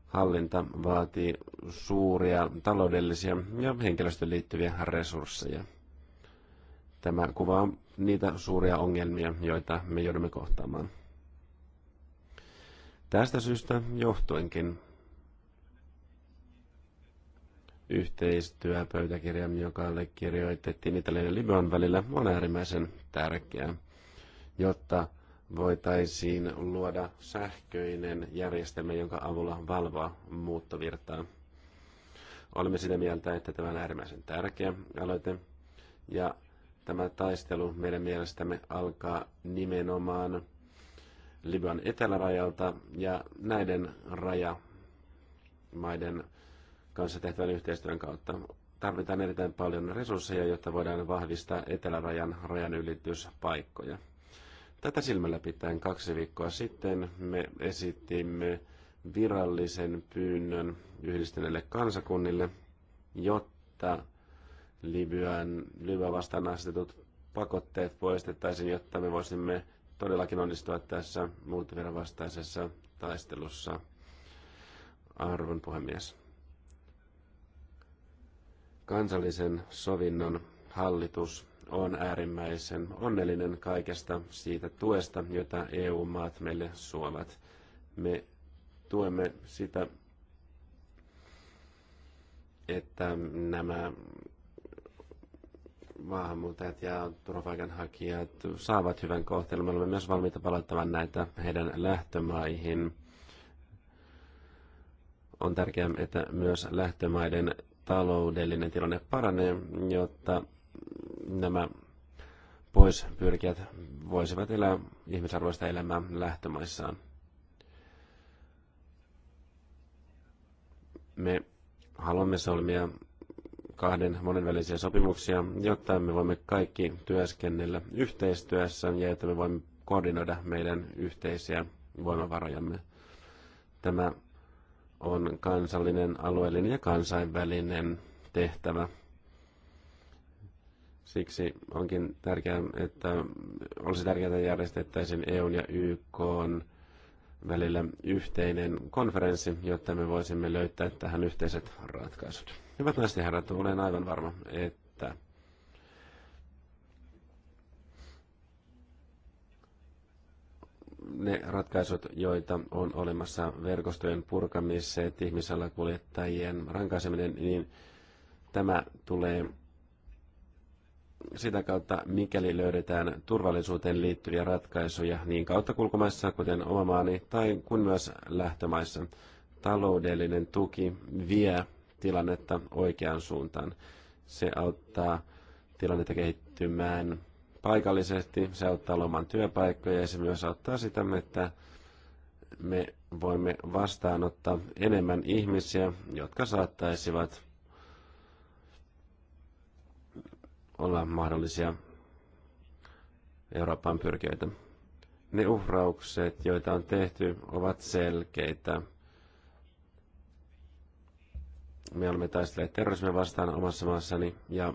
hallinta vaatii suuria taloudellisia ja henkilöstöön liittyviä resursseja. Tämä kuvaa niitä suuria ongelmia, joita me joudumme kohtaamaan. Tästä syystä johtuenkin yhteistyöpöytäkirja, joka allekirjoitettiin Italian ja Libyan välillä, on äärimmäisen tärkeää, jotta voitaisiin luoda sähköinen järjestelmä, jonka avulla valvoa muuttovirtaa. Olemme sitä mieltä, että tämä on äärimmäisen tärkeä aloite. Ja tämä taistelu meidän mielestämme alkaa nimenomaan Libyan etelärajalta ja näiden rajamaiden kanssa tehtävän yhteistyön kautta. Tarvitaan erittäin paljon resursseja, jotta voidaan vahvistaa etelärajan rajanylityspaikkoja. Tätä silmällä pitäen kaksi viikkoa sitten me esitimme virallisen pyynnön yhdistyneille kansakunnille, jotta Libyan, Libyan vastaan asetetut pakotteet poistettaisiin, jotta me voisimme todellakin onnistua tässä muuttoviran vastaisessa taistelussa. Arvon puhemies. Kansallisen sovinnon hallitus on äärimmäisen onnellinen kaikesta siitä tuesta, jota EU-maat meille suovat. Me tuemme sitä, että nämä maahanmuuttajat ja turvapaikanhakijat saavat hyvän kohtelun. Me olemme myös valmiita palauttamaan näitä heidän lähtömaihin. On tärkeää, että myös lähtömaiden taloudellinen tilanne paranee, jotta nämä pois pyrkijät voisivat elää ihmisarvoista elämää lähtömaissaan. Me haluamme solmia kahden monenvälisiä sopimuksia, jotta me voimme kaikki työskennellä yhteistyössä ja että me voimme koordinoida meidän yhteisiä voimavarojamme. Tämä on kansallinen, alueellinen ja kansainvälinen tehtävä Siksi onkin tärkeää, että olisi tärkeää, että järjestettäisiin EUn ja YK välillä yhteinen konferenssi, jotta me voisimme löytää tähän yhteiset ratkaisut. Hyvät naiset ja herrat, olen aivan varma, että ne ratkaisut, joita on olemassa verkostojen purkamiset, ihmisalakuljettajien rankaiseminen, niin tämä tulee sitä kautta, mikäli löydetään turvallisuuteen liittyviä ratkaisuja niin kautta kulkumaissa, kuten oma maani, tai kun myös lähtömaissa. Taloudellinen tuki vie tilannetta oikeaan suuntaan. Se auttaa tilannetta kehittymään paikallisesti, se auttaa luomaan työpaikkoja ja se myös auttaa sitä, että me voimme vastaanottaa enemmän ihmisiä, jotka saattaisivat olla mahdollisia Euroopan pyrkijöitä. Ne uhraukset, joita on tehty, ovat selkeitä. Me olemme taistelleet terrorismia vastaan omassa maassani ja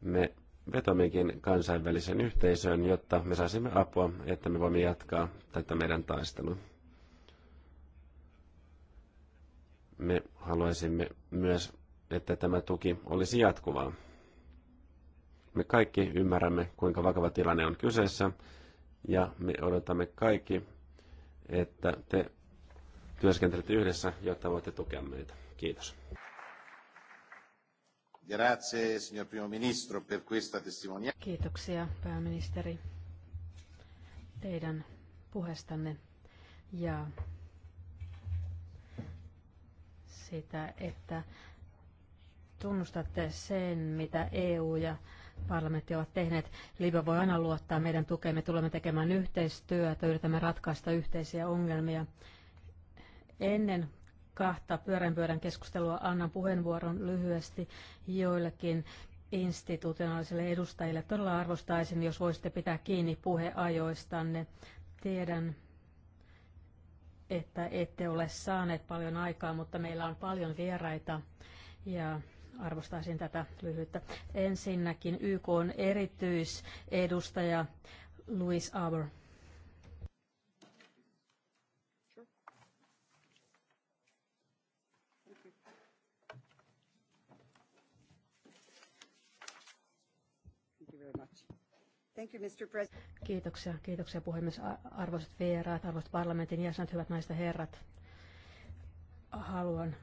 me vetomikin kansainvälisen yhteisöön, jotta me saisimme apua, että me voimme jatkaa tätä meidän taistelua. Me haluaisimme myös että tämä tuki olisi jatkuvaa. Me kaikki ymmärrämme, kuinka vakava tilanne on kyseessä, ja me odotamme kaikki, että te työskentelette yhdessä, jotta voitte tukea meitä. Kiitos. Grazie, signor primo ministro, per questa testimonianza. Kiitoksia, pääministeri, teidän puheestanne ja sitä, että tunnustatte sen, mitä EU ja parlamentti ovat tehneet. Libe voi aina luottaa meidän tukeen. Me tulemme tekemään yhteistyötä, yritämme ratkaista yhteisiä ongelmia. Ennen kahta pyörän pyörän keskustelua annan puheenvuoron lyhyesti joillekin institutionaalisille edustajille. Todella arvostaisin, jos voisitte pitää kiinni puheajoistanne. Tiedän, että ette ole saaneet paljon aikaa, mutta meillä on paljon vieraita ja arvostaisin tätä lyhyttä. Ensinnäkin YK on erityisedustaja Louis Arbour. Kiitoksia, kiitoksia puhemies. Arvoisat vieraat, arvoisat parlamentin jäsenet, hyvät naiset ja herrat. Haluan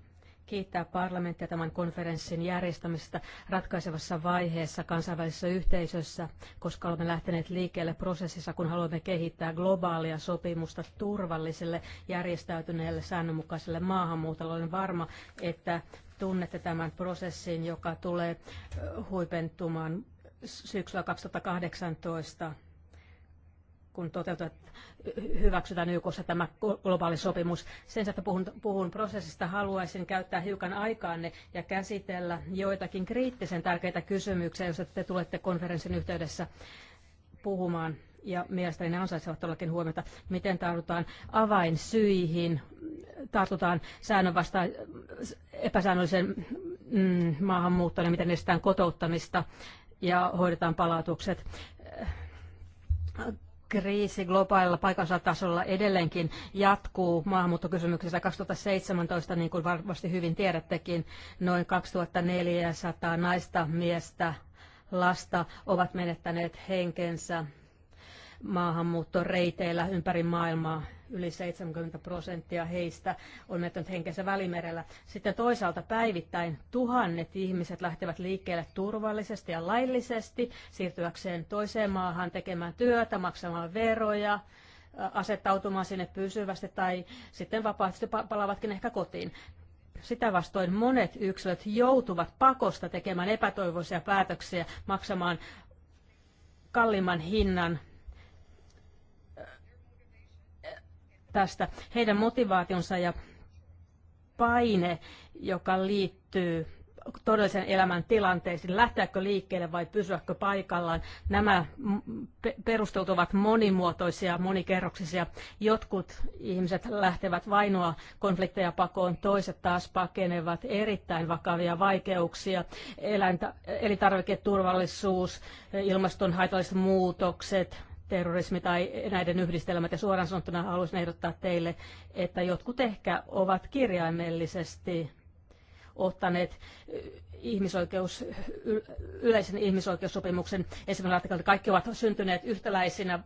kiittää parlamenttia tämän konferenssin järjestämisestä ratkaisevassa vaiheessa kansainvälisessä yhteisössä, koska olemme lähteneet liikkeelle prosessissa, kun haluamme kehittää globaalia sopimusta turvalliselle, järjestäytyneelle, säännönmukaiselle maahanmuutolle. Olen varma, että tunnette tämän prosessin, joka tulee huipentumaan syksyllä 2018 kun toteutetaan, hyväksytään YKssa tämä globaali sopimus. Sen sijaan, puhun, puhun prosessista, haluaisin käyttää hiukan aikaanne ja käsitellä joitakin kriittisen tärkeitä kysymyksiä, jos te tulette konferenssin yhteydessä puhumaan ja mielestäni ne ansaitsevat todellakin huomiota, miten tartutaan avainsyihin, tartutaan säännönvasta epäsäännöllisen mm, maahanmuuttoon ja miten estetään kotouttamista ja hoidetaan palautukset kriisi globaalilla paikallisella tasolla edelleenkin jatkuu maahanmuuttokysymyksessä 2017, niin kuin varmasti hyvin tiedättekin, noin 2400 naista, miestä, lasta ovat menettäneet henkensä maahanmuuttoreiteillä ympäri maailmaa Yli 70 prosenttia heistä on menettänyt henkensä välimerellä. Sitten toisaalta päivittäin tuhannet ihmiset lähtevät liikkeelle turvallisesti ja laillisesti, siirtyäkseen toiseen maahan tekemään työtä, maksamaan veroja, äh, asettautumaan sinne pysyvästi tai sitten vapaasti palaavatkin ehkä kotiin. Sitä vastoin monet yksilöt joutuvat pakosta tekemään epätoivoisia päätöksiä, maksamaan kalliimman hinnan tästä. Heidän motivaationsa ja paine, joka liittyy todellisen elämän tilanteisiin, lähteäkö liikkeelle vai pysyäkö paikallaan. Nämä perustelut ovat monimuotoisia, monikerroksisia. Jotkut ihmiset lähtevät vainoa konflikteja pakoon, toiset taas pakenevat erittäin vakavia vaikeuksia, elintarviketurvallisuus, ilmaston haitalliset muutokset, terrorismi tai näiden yhdistelmät. Ja suoraan sanottuna haluaisin ehdottaa teille, että jotkut ehkä ovat kirjaimellisesti ottaneet ihmisoikeus, yleisen ihmisoikeussopimuksen esimerkiksi että Kaikki ovat syntyneet yhtäläisinä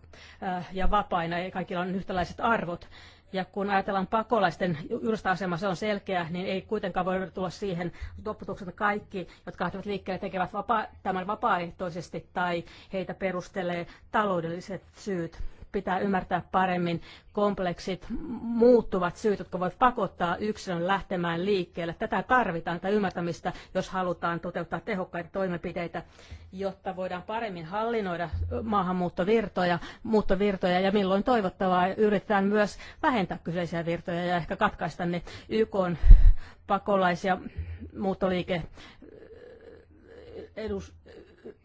äh, ja vapaina ja kaikilla on yhtäläiset arvot. Ja kun ajatellaan pakolaisten juurista se on selkeä, niin ei kuitenkaan voi tulla siihen lopputuksen, että kaikki, jotka lähtevät liikkeelle, tekevät vapaa- tämän vapaaehtoisesti tai heitä perustelee taloudelliset syyt pitää ymmärtää paremmin kompleksit muuttuvat syyt, jotka voivat pakottaa yksilön lähtemään liikkeelle. Tätä tarvitaan, tätä ymmärtämistä, jos halutaan toteuttaa tehokkaita toimenpiteitä, jotta voidaan paremmin hallinnoida maahanmuuttovirtoja, muuttovirtoja ja milloin toivottavaa yritetään myös vähentää kyseisiä virtoja ja ehkä katkaista ne YK pakolaisia muuttoliike edus,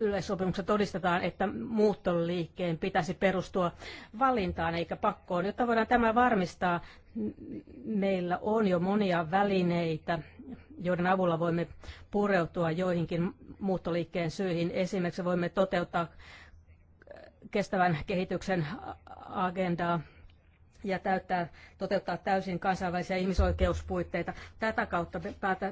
yleissopimuksessa todistetaan, että muuttoliikkeen pitäisi perustua valintaan eikä pakkoon. Jotta voidaan tämä varmistaa, meillä on jo monia välineitä, joiden avulla voimme pureutua joihinkin muuttoliikkeen syihin. Esimerkiksi voimme toteuttaa kestävän kehityksen agendaa ja täyttää, toteuttaa täysin kansainvälisiä ihmisoikeuspuitteita. Tätä kautta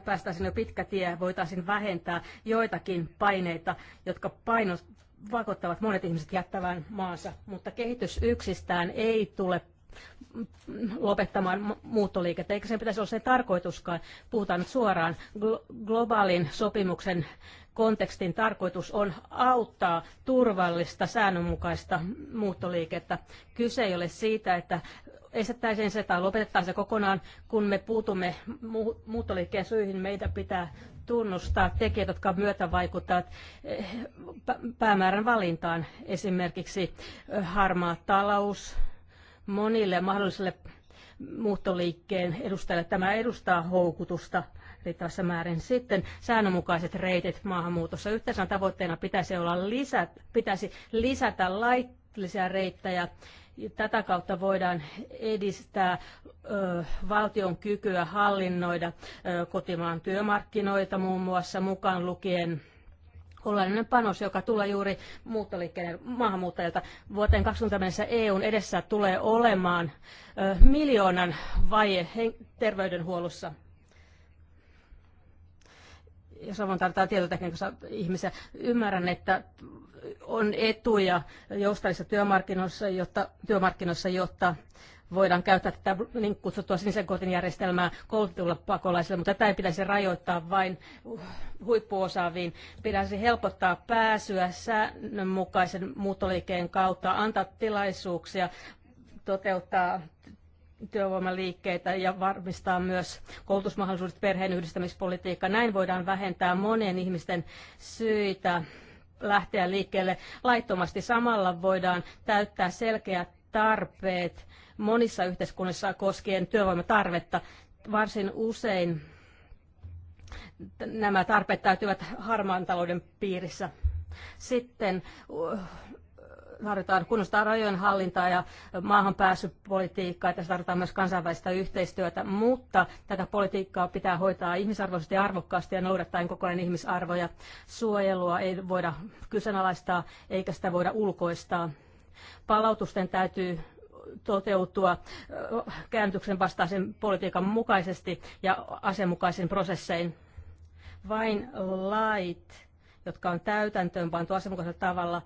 päästäisiin jo pitkä tie, voitaisiin vähentää joitakin paineita, jotka painos, vakottavat monet ihmiset jättävään maansa, mutta kehitys yksistään ei tule lopettamaan muuttoliikettä, eikä sen pitäisi olla sen tarkoituskaan. Puhutaan nyt suoraan globaalin sopimuksen kontekstin tarkoitus on auttaa turvallista säännönmukaista muuttoliikettä. Kyse ei ole siitä, että estettäisiin se tai lopetettaisiin se kokonaan. Kun me puutumme muuttoliikkeen syihin, meidän pitää tunnustaa tekijät, jotka myötä vaikuttavat eh, päämäärän valintaan, esimerkiksi eh, harmaa talous, monille mahdollisille muuttoliikkeen edustajille tämä edustaa houkutusta riittävässä määrin. Sitten säännönmukaiset reitit maahanmuutossa. Yhteisenä tavoitteena pitäisi, olla lisät, pitäisi lisätä laillisia reittejä. Tätä kautta voidaan edistää ö, valtion kykyä hallinnoida ö, kotimaan työmarkkinoita muun muassa mukaan lukien olennainen panos, joka tulee juuri muuttoliikkeen maahanmuuttajilta. Vuoteen 2020 EUn edessä tulee olemaan ö, miljoonan vaje terveydenhuollossa ja samoin tarvitaan tietotekniikassa ihmisiä. Ymmärrän, että on etuja joustavissa työmarkkinoissa, jotta, työmarkkinoissa, jotta voidaan käyttää tätä niin kutsuttua sinisen kortin järjestelmää koulutetulla pakolaisilla, mutta tätä ei pitäisi rajoittaa vain huippuosaaviin. Pitäisi helpottaa pääsyä säännönmukaisen muuttoliikkeen kautta, antaa tilaisuuksia toteuttaa työvoimaliikkeitä ja varmistaa myös koulutusmahdollisuudet perheen yhdistämispolitiikka. Näin voidaan vähentää monien ihmisten syitä lähteä liikkeelle laittomasti. Samalla voidaan täyttää selkeät tarpeet monissa yhteiskunnissa koskien työvoimatarvetta. Varsin usein nämä tarpeet täytyvät harmaan talouden piirissä. Sitten uh, tarvitaan kunnostaa rajojen hallintaa ja maahanpääsypolitiikkaa, tässä tarvitaan myös kansainvälistä yhteistyötä, mutta tätä politiikkaa pitää hoitaa ihmisarvoisesti ja arvokkaasti ja noudattaen koko ajan ihmisarvoja. Suojelua ei voida kyseenalaistaa eikä sitä voida ulkoistaa. Palautusten täytyy toteutua kääntyksen vastaisen politiikan mukaisesti ja asianmukaisin prosessein. Vain lait, jotka on täytäntöön pantu asianmukaisella tavalla,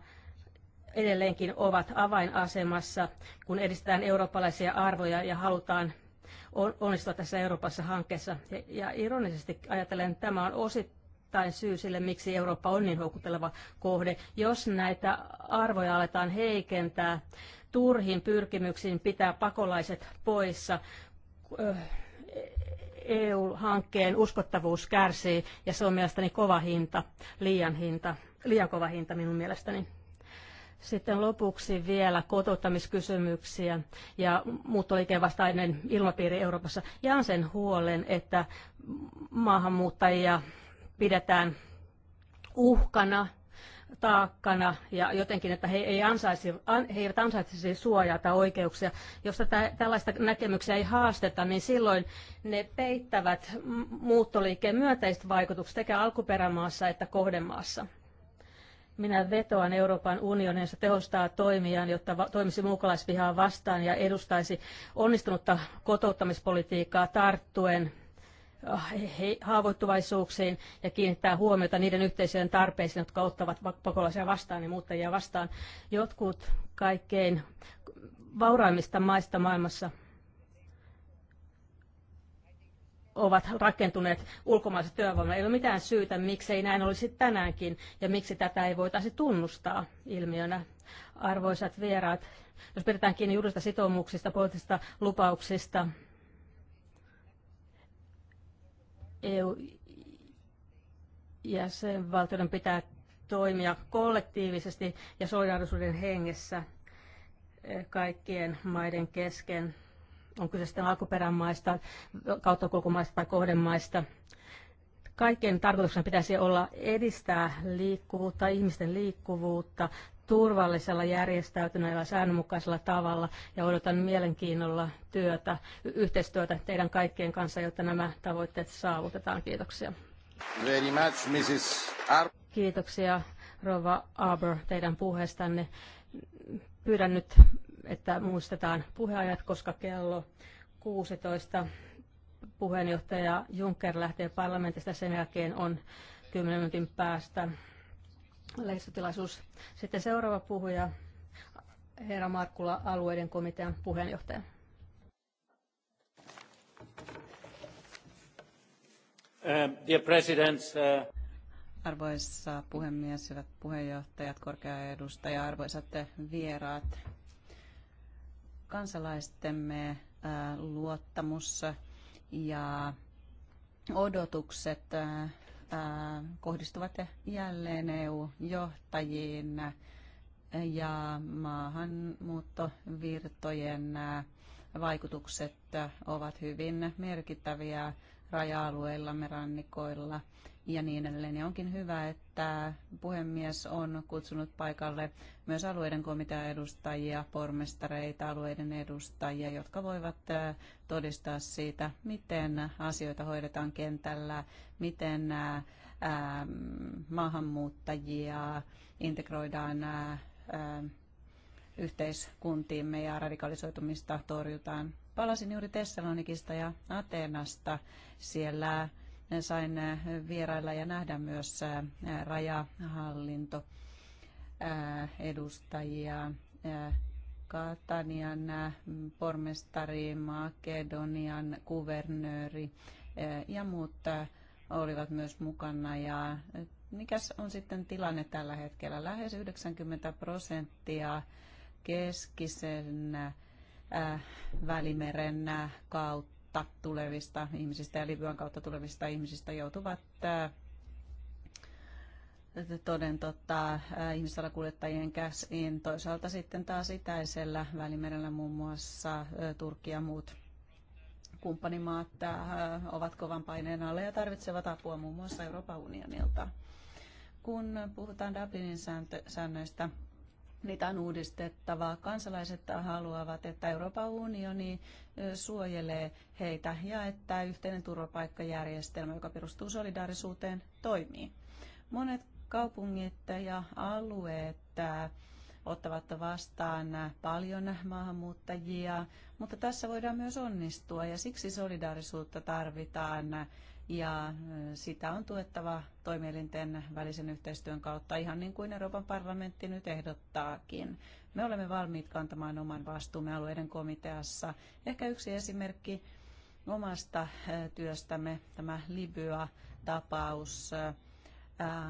edelleenkin ovat avainasemassa, kun edistetään eurooppalaisia arvoja ja halutaan onnistua tässä Euroopassa hankkeessa. Ja, ironisesti ajatellen tämä on osittain syy sille, miksi Eurooppa on niin houkutteleva kohde. Jos näitä arvoja aletaan heikentää turhin pyrkimyksiin pitää pakolaiset poissa, EU-hankkeen uskottavuus kärsii ja se on mielestäni kova hinta, liian hinta, liian kova hinta minun mielestäni. Sitten lopuksi vielä kotouttamiskysymyksiä ja muuttoliikkeen vastainen ilmapiiri Euroopassa. Jaan sen huolen, että maahanmuuttajia pidetään uhkana, taakkana ja jotenkin, että he, ei ansaisi, he eivät ansaitsisi suojaa tai oikeuksia. Jos tätä, tällaista näkemyksiä ei haasteta, niin silloin ne peittävät muuttoliikkeen myönteiset vaikutukset sekä alkuperämaassa että kohdemaassa minä vetoan Euroopan unionin, se tehostaa toimiaan, jotta va- toimisi muukalaisvihaa vastaan ja edustaisi onnistunutta kotouttamispolitiikkaa tarttuen äh, haavoittuvaisuuksiin ja kiinnittää huomiota niiden yhteisöjen tarpeisiin, jotka ottavat pakolaisia vastaan ja muuttajia vastaan. Jotkut kaikkein vauraimmista maista maailmassa ovat rakentuneet ulkomaisen työvoiman. Ei ole mitään syytä, miksi ei näin olisi tänäänkin ja miksi tätä ei voitaisi tunnustaa ilmiönä. Arvoisat vieraat, jos pidetään kiinni juurista sitoumuksista, poliittisista lupauksista, EU-jäsenvaltioiden pitää toimia kollektiivisesti ja solidaarisuuden hengessä eh, kaikkien maiden kesken on kyse sitten alkuperämaista, kulkumaista tai kohdemaista. Kaiken tarkoituksena pitäisi olla edistää liikkuvuutta, ihmisten liikkuvuutta turvallisella, järjestäytyneellä, säännönmukaisella tavalla ja odotan mielenkiinnolla työtä, yhteistyötä teidän kaikkien kanssa, jotta nämä tavoitteet saavutetaan. Kiitoksia. Very much, Mrs. Ar- Kiitoksia, Rova Arbor, teidän puheestanne. Pyydän nyt että muistetaan puheajat, koska kello 16 puheenjohtaja Juncker lähtee parlamentista. Sen jälkeen on 10 minuutin päästä lehdistötilaisuus. Sitten seuraava puhuja, herra Markkula, alueiden komitean puheenjohtaja. Uh, uh, Arvoisa puhemies, hyvät puheenjohtajat, korkea edustaja, arvoisat vieraat kansalaistemme luottamus ja odotukset kohdistuvat jälleen EU-johtajiin ja maahanmuuttovirtojen vaikutukset ovat hyvin merkittäviä raja-alueillamme, rannikoilla ja niin edelleen. Ja onkin hyvä, että että puhemies on kutsunut paikalle myös alueiden komitean edustajia, pormestareita, alueiden edustajia, jotka voivat todistaa siitä, miten asioita hoidetaan kentällä, miten maahanmuuttajia integroidaan yhteiskuntiimme ja radikalisoitumista torjutaan. Palasin juuri Tessalonikista ja Atenasta Siellä sain äh, vierailla ja nähdä myös äh, rajahallinto äh, edustajia. Katanian pormestari, Makedonian kuvernööri ja muut olivat myös mukana. Ja mikäs on sitten tilanne tällä hetkellä? Lähes 90 prosenttia keskisen Välimeren kautta kautta tulevista ihmisistä ja Libyan kautta tulevista ihmisistä joutuvat äh, toden totta äh, ihmissalakuljettajien käsiin. Toisaalta sitten taas itäisellä välimerellä muun muassa äh, Turkki ja muut kumppanimaat ovat kovan paineen alla ja tarvitsevat apua muun muassa Euroopan unionilta. Kun puhutaan Dublinin säännöistä, niitä on uudistettava. Kansalaiset haluavat, että Euroopan unioni suojelee heitä ja että yhteinen turvapaikkajärjestelmä, joka perustuu solidaarisuuteen, toimii. Monet kaupungit ja alueet ottavat vastaan paljon maahanmuuttajia, mutta tässä voidaan myös onnistua ja siksi solidaarisuutta tarvitaan ja sitä on tuettava toimielinten välisen yhteistyön kautta, ihan niin kuin Euroopan parlamentti nyt ehdottaakin. Me olemme valmiit kantamaan oman vastuumme alueiden komiteassa. Ehkä yksi esimerkki omasta työstämme, tämä Libya-tapaus.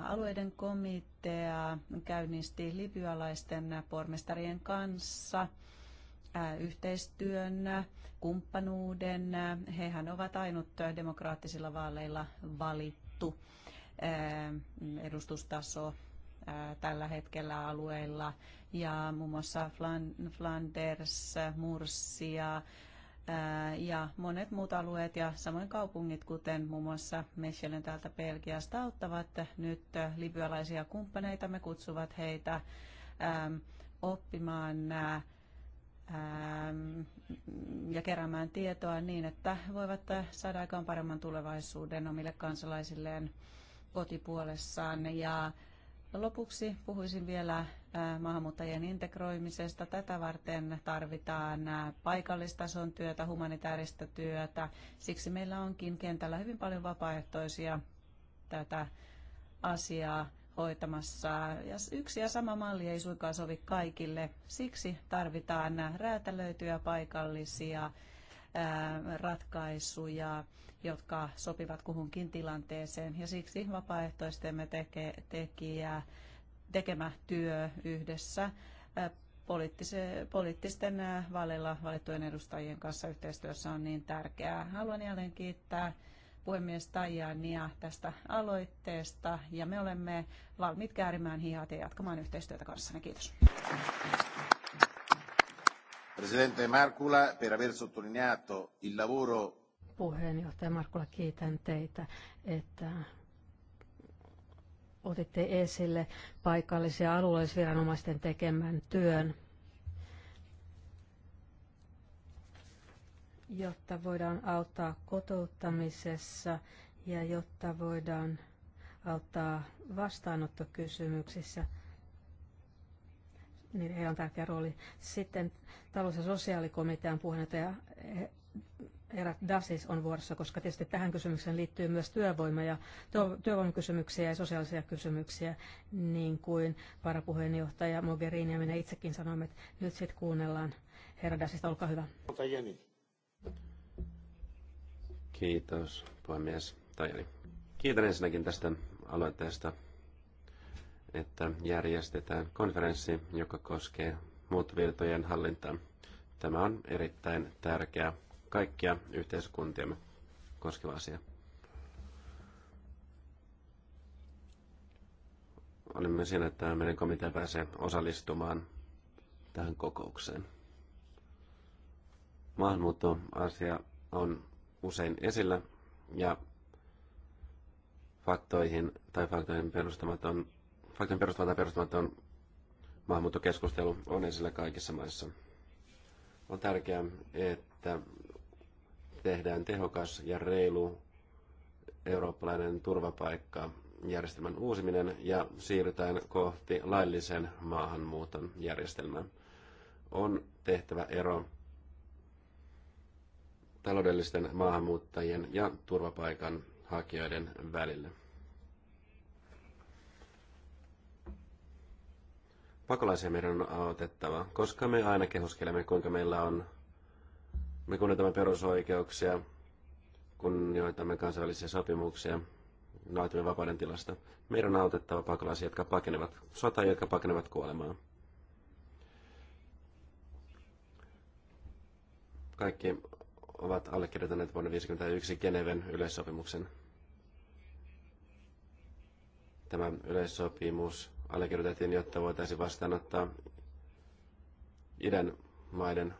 Alueiden komitea käynnisti libyalaisten pormestarien kanssa yhteistyön kumppanuuden. Hehän ovat ainut demokraattisilla vaaleilla valittu eh, edustustaso eh, tällä hetkellä alueilla. Ja muun muassa Flanders, Mursia eh, ja monet muut alueet ja samoin kaupungit, kuten muun muassa Mechelen täältä Belgiasta, auttavat nyt libyalaisia kumppaneita. Me kutsuvat heitä oppimaan Ähm, ja keräämään tietoa niin, että voivat saada aikaan paremman tulevaisuuden omille kansalaisilleen kotipuolessaan. Ja lopuksi puhuisin vielä äh, maahanmuuttajien integroimisesta. Tätä varten tarvitaan äh, paikallistason työtä, humanitaarista työtä. Siksi meillä onkin kentällä hyvin paljon vapaaehtoisia tätä asiaa hoitamassa. Ja yksi ja sama malli ei suinkaan sovi kaikille. Siksi tarvitaan räätälöityjä paikallisia ratkaisuja, jotka sopivat kuhunkin tilanteeseen. Ja siksi vapaaehtoistemme teke, tekijä, tekemä työ yhdessä poliittisten vaaleilla valittujen edustajien kanssa yhteistyössä on niin tärkeää. Haluan jälleen kiittää puhemies Tajania tästä aloitteesta ja me olemme valmiit käärimään hihat ja jatkamaan yhteistyötä kanssanne. Kiitos. Presidente Markula per aver sottolineato il lavoro puheenjohtaja kiitän teitä, että otitte esille paikallisia alueellisviranomaisten tekemän työn jotta voidaan auttaa kotouttamisessa ja jotta voidaan auttaa vastaanottokysymyksissä. Niin heillä on tärkeä rooli. Sitten talous- ja sosiaalikomitean puheenjohtaja eh, Erat Dasis on vuorossa, koska tietysti tähän kysymykseen liittyy myös työvoima- ja työvoimakysymyksiä ja sosiaalisia kysymyksiä, niin kuin varapuheenjohtaja Mogherini ja minä itsekin sanoimme, että nyt sitten kuunnellaan. Herra Dasista, olkaa hyvä. Kiitos, puhemies Tajani. Kiitän ensinnäkin tästä aloitteesta, että järjestetään konferenssi, joka koskee muuttovirtojen hallintaa. Tämä on erittäin tärkeä kaikkia yhteiskuntiamme koskeva asia. Olemme siinä, että meidän komitea pääsee osallistumaan tähän kokoukseen. Maahanmuuttoasia on usein esillä ja faktoihin tai faktoihin perustamaton, faktoihin perustamaton tai perustamaton maahanmuuttokeskustelu on esillä kaikissa maissa. On tärkeää, että tehdään tehokas ja reilu eurooppalainen turvapaikka järjestelmän uusiminen ja siirrytään kohti laillisen maahanmuuton järjestelmää. On tehtävä ero taloudellisten maahanmuuttajien ja turvapaikan hakijoiden välillä. Pakolaisia meidän on autettava, koska me aina kehuskelemme, kuinka meillä on, me kunnioitamme perusoikeuksia, kunnioitamme kansainvälisiä sopimuksia, nautimme vapauden tilasta. Meidän on autettava pakolaisia, jotka pakenevat sotaa, jotka pakenevat kuolemaa. Kaikki ovat allekirjoittaneet vuonna 1951 Geneven yleissopimuksen. Tämä yleissopimus allekirjoitettiin, jotta voitaisiin vastaanottaa idän maiden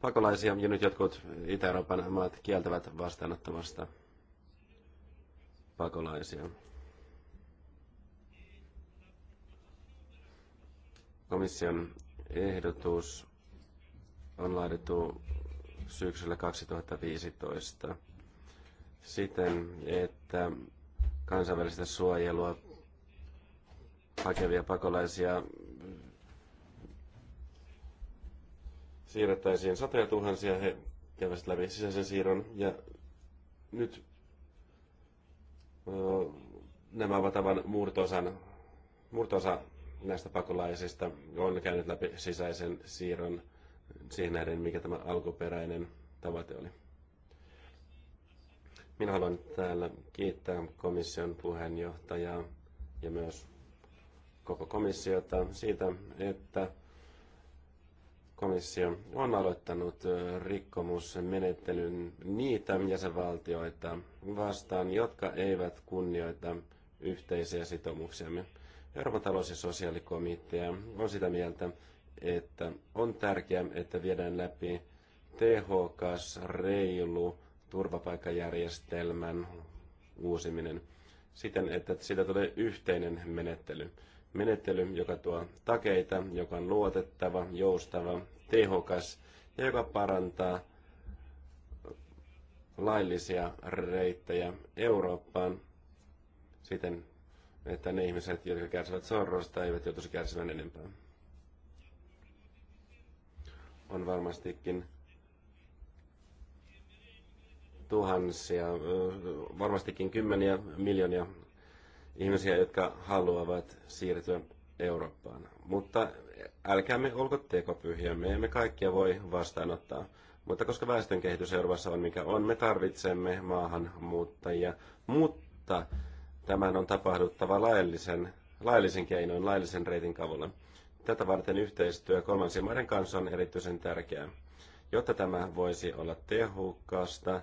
pakolaisia, ja nyt jotkut Itä-Euroopan maat kieltävät vastaanottamasta pakolaisia. Komission ehdotus on laadittu syksyllä 2015 siten, että kansainvälistä suojelua hakevia pakolaisia siirrettäisiin satoja tuhansia, he kävisivät läpi sisäisen siirron ja nyt nämä ovat aivan murtosan, murtosa näistä pakolaisista on käynyt läpi sisäisen siirron siihen nähden, mikä tämä alkuperäinen tavoite oli. Minä haluan täällä kiittää komission puheenjohtajaa ja myös koko komissiota siitä, että komissio on aloittanut rikkomusmenettelyn niitä jäsenvaltioita vastaan, jotka eivät kunnioita yhteisiä sitoumuksiamme. Euroopan talous- ja sosiaalikomitea on sitä mieltä, että on tärkeää, että viedään läpi tehokas, reilu turvapaikkajärjestelmän uusiminen siten, että siitä tulee yhteinen menettely. Menettely, joka tuo takeita, joka on luotettava, joustava, tehokas ja joka parantaa laillisia reittejä Eurooppaan siten, että ne ihmiset, jotka kärsivät sorrosta, eivät joutuisi kärsimään enempää on varmastikin tuhansia, varmastikin kymmeniä miljoonia ihmisiä, jotka haluavat siirtyä Eurooppaan. Mutta älkäämme olko tekopyhiä, me emme kaikkia voi vastaanottaa. Mutta koska väestönkehitys Euroopassa on mikä on, me tarvitsemme maahanmuuttajia. Mutta tämän on tapahduttava laillisen, laillisen keinoin, laillisen reitin kavulla. Tätä varten yhteistyö kolmansien maiden kanssa on erityisen tärkeää. Jotta tämä voisi olla tehokasta,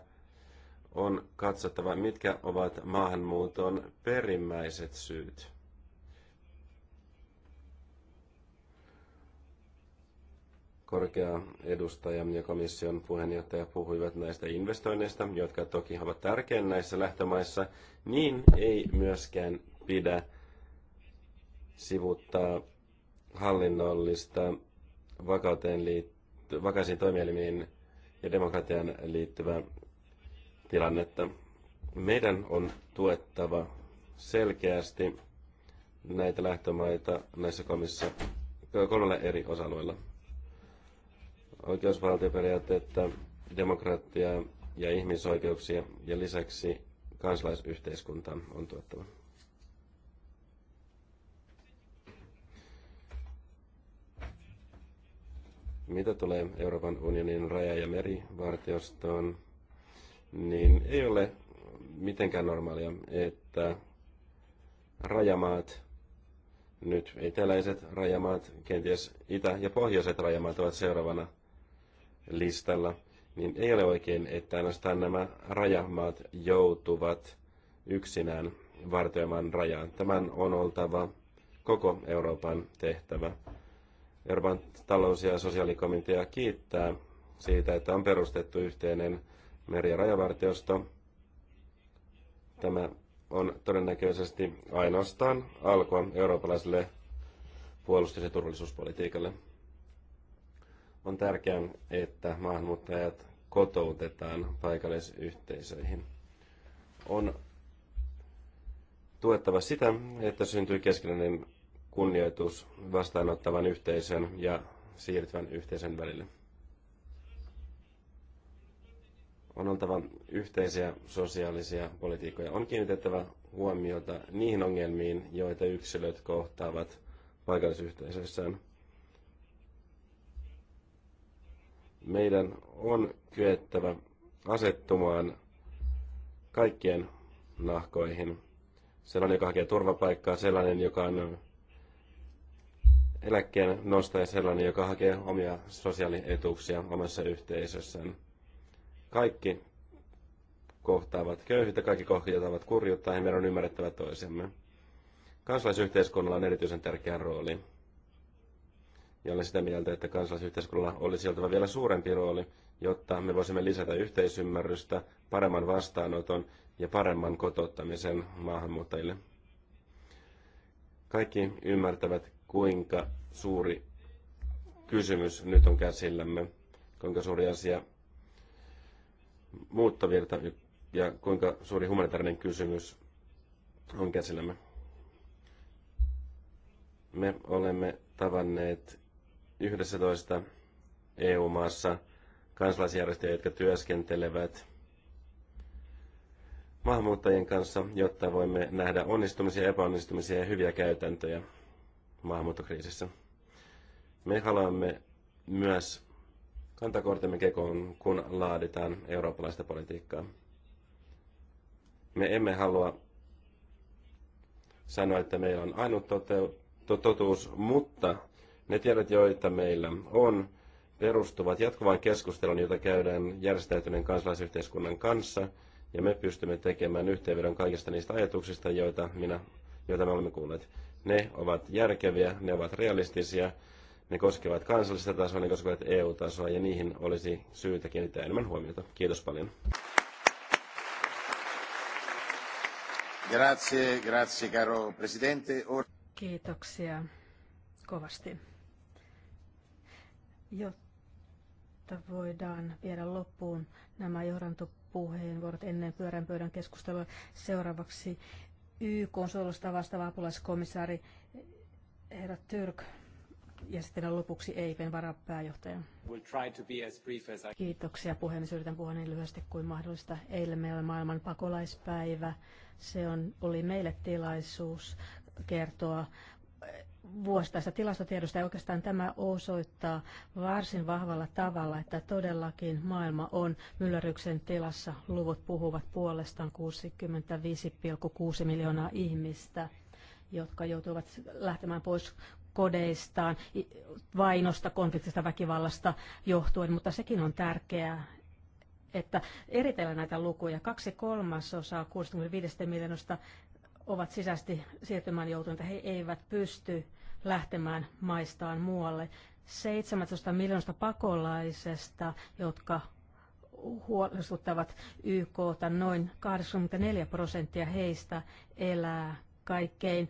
on katsottava, mitkä ovat maahanmuuton perimmäiset syyt. Korkea edustaja ja komission puheenjohtaja puhuivat näistä investoinneista, jotka toki ovat tärkein näissä lähtömaissa, niin ei myöskään pidä sivuttaa hallinnollista vakauteen liitty- vakaisiin toimielimiin ja demokratian liittyvää tilannetta. Meidän on tuettava selkeästi näitä lähtömaita näissä komissa kolmella eri osa-alueella. Oikeusvaltioperiaatteetta, demokratiaa ja ihmisoikeuksia ja lisäksi kansalaisyhteiskunta on tuettava. Mitä tulee Euroopan unionin raja- ja merivartiostoon, niin ei ole mitenkään normaalia, että rajamaat, nyt eteläiset rajamaat, kenties itä- ja pohjoiset rajamaat ovat seuraavana listalla, niin ei ole oikein, että ainoastaan nämä rajamaat joutuvat yksinään vartioimaan rajaa. Tämän on oltava koko Euroopan tehtävä. Euroopan talous- ja sosiaalikomitea kiittää siitä, että on perustettu yhteinen meri- ja rajavartiosto. Tämä on todennäköisesti ainoastaan alkua eurooppalaiselle puolustus- ja turvallisuuspolitiikalle. On tärkeää, että maahanmuuttajat kotoutetaan paikallisyhteisöihin. On tuettava sitä, että syntyy keskinäinen kunnioitus vastaanottavan yhteisön ja siirtyvän yhteisön välille. On oltava yhteisiä sosiaalisia politiikkoja. On kiinnitettävä huomiota niihin ongelmiin, joita yksilöt kohtaavat paikallisyhteisöissään. Meidän on kyettävä asettumaan kaikkien nahkoihin. Sellainen, joka hakee turvapaikkaa, sellainen, joka on eläkkeen nostaja sellainen, joka hakee omia sosiaalietuuksia omassa yhteisössään. Kaikki kohtaavat köyhyyttä, kaikki kohtaavat kurjuutta ja meidän on ymmärrettävä toisemme. Kansalaisyhteiskunnalla on erityisen tärkeä rooli. Ja olen sitä mieltä, että kansalaisyhteiskunnalla olisi oltava vielä suurempi rooli, jotta me voisimme lisätä yhteisymmärrystä, paremman vastaanoton ja paremman kotouttamisen maahanmuuttajille. Kaikki ymmärtävät kuinka suuri kysymys nyt on käsillämme, kuinka suuri asia muuttovirta ja kuinka suuri humanitaarinen kysymys on käsillämme. Me olemme tavanneet 11 EU-maassa kansalaisjärjestöjä, jotka työskentelevät maahanmuuttajien kanssa, jotta voimme nähdä onnistumisia, epäonnistumisia ja hyviä käytäntöjä maahanmuuttokriisissä. Me haluamme myös kantakortemme kekoon, kun laaditaan eurooppalaista politiikkaa. Me emme halua sanoa, että meillä on ainut totuus, mutta ne tiedot, joita meillä on, perustuvat jatkuvaan keskusteluun, jota käydään järjestäytyneen kansalaisyhteiskunnan kanssa, ja me pystymme tekemään yhteenvedon kaikista niistä ajatuksista, joita, minä, joita me olemme kuulleet. Ne ovat järkeviä, ne ovat realistisia, ne koskevat kansallista tasoa, ne koskevat EU-tasoa ja niihin olisi syytä kiinnittää enemmän huomiota. Kiitos paljon. Grazie, grazie caro presidente. Kiitoksia kovasti. Jotta voidaan viedä loppuun nämä johdantopuheenvuorot ennen pyörän pöydän keskustelua, seuraavaksi YK on suojelusta vastaava apulaiskomissaari herra Türk ja sitten lopuksi EIPen varapääjohtaja. Kiitoksia puhemies. Siis yritän puhua niin lyhyesti kuin mahdollista. Eilen meillä oli maailman pakolaispäivä. Se on, oli meille tilaisuus kertoa vuosittaista tilastotiedosta. Ja oikeastaan tämä osoittaa varsin vahvalla tavalla, että todellakin maailma on myllerryksen tilassa. Luvut puhuvat puolestaan 65,6 miljoonaa ihmistä jotka joutuvat lähtemään pois kodeistaan, vainosta, konfliktista, väkivallasta johtuen, mutta sekin on tärkeää, että eritellä näitä lukuja. Kaksi kolmasosaa 65 miljoonasta ovat sisäisesti siirtymään joutuneita. He eivät pysty lähtemään maistaan muualle. 17 miljoonasta pakolaisesta, jotka huolestuttavat YK, noin 84 prosenttia heistä elää kaikkein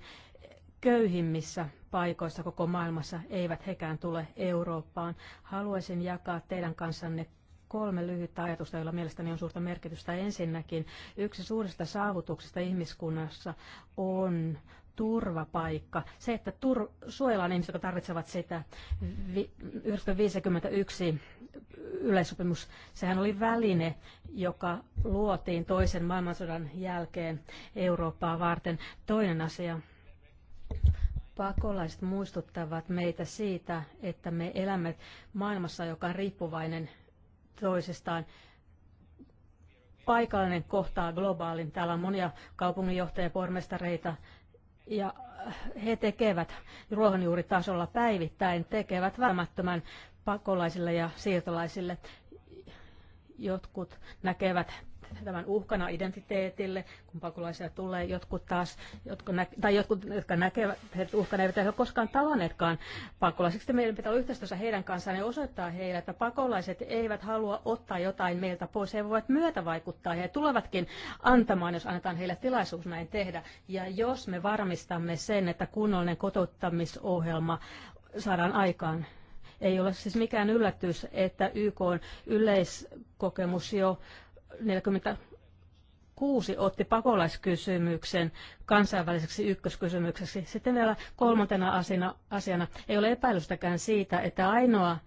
köyhimmissä paikoissa koko maailmassa, eivät hekään tule Eurooppaan. Haluaisin jakaa teidän kanssanne kolme lyhyttä ajatusta, joilla mielestäni on suurta merkitystä. Ensinnäkin yksi suurista saavutuksista ihmiskunnassa on turvapaikka. Se, että tur- suojellaan ihmisiä, jotka tarvitsevat sitä. Vi- 1951 yleissopimus, sehän oli väline, joka luotiin toisen maailmansodan jälkeen Eurooppaa varten. Toinen asia, pakolaiset muistuttavat meitä siitä, että me elämme maailmassa, joka on riippuvainen toisistaan. Paikallinen kohtaa globaalin. Täällä on monia kaupunginjohtajia, pormestareita ja he tekevät ruohonjuuritasolla päivittäin, tekevät välttämättömän pakolaisille ja siirtolaisille. Jotkut näkevät tämän uhkana identiteetille, kun pakolaisia tulee. Jotkut taas, jotkut nä- tai jotkut, jotka näkevät heidät uhkana, eivät ole koskaan tavanneetkaan pakolaisiksi. Meidän pitää olla yhteistyössä heidän kanssaan ja osoittaa heille, että pakolaiset eivät halua ottaa jotain meiltä pois. He voivat myötä vaikuttaa. He tulevatkin antamaan, jos annetaan heille tilaisuus näin tehdä. Ja jos me varmistamme sen, että kunnollinen kotouttamisohjelma saadaan aikaan, ei ole siis mikään yllätys, että YK on yleiskokemus jo 46 otti pakolaiskysymyksen kansainväliseksi ykköskysymykseksi. Sitten vielä kolmantena asiana, asiana ei ole epäilystäkään siitä, että ainoa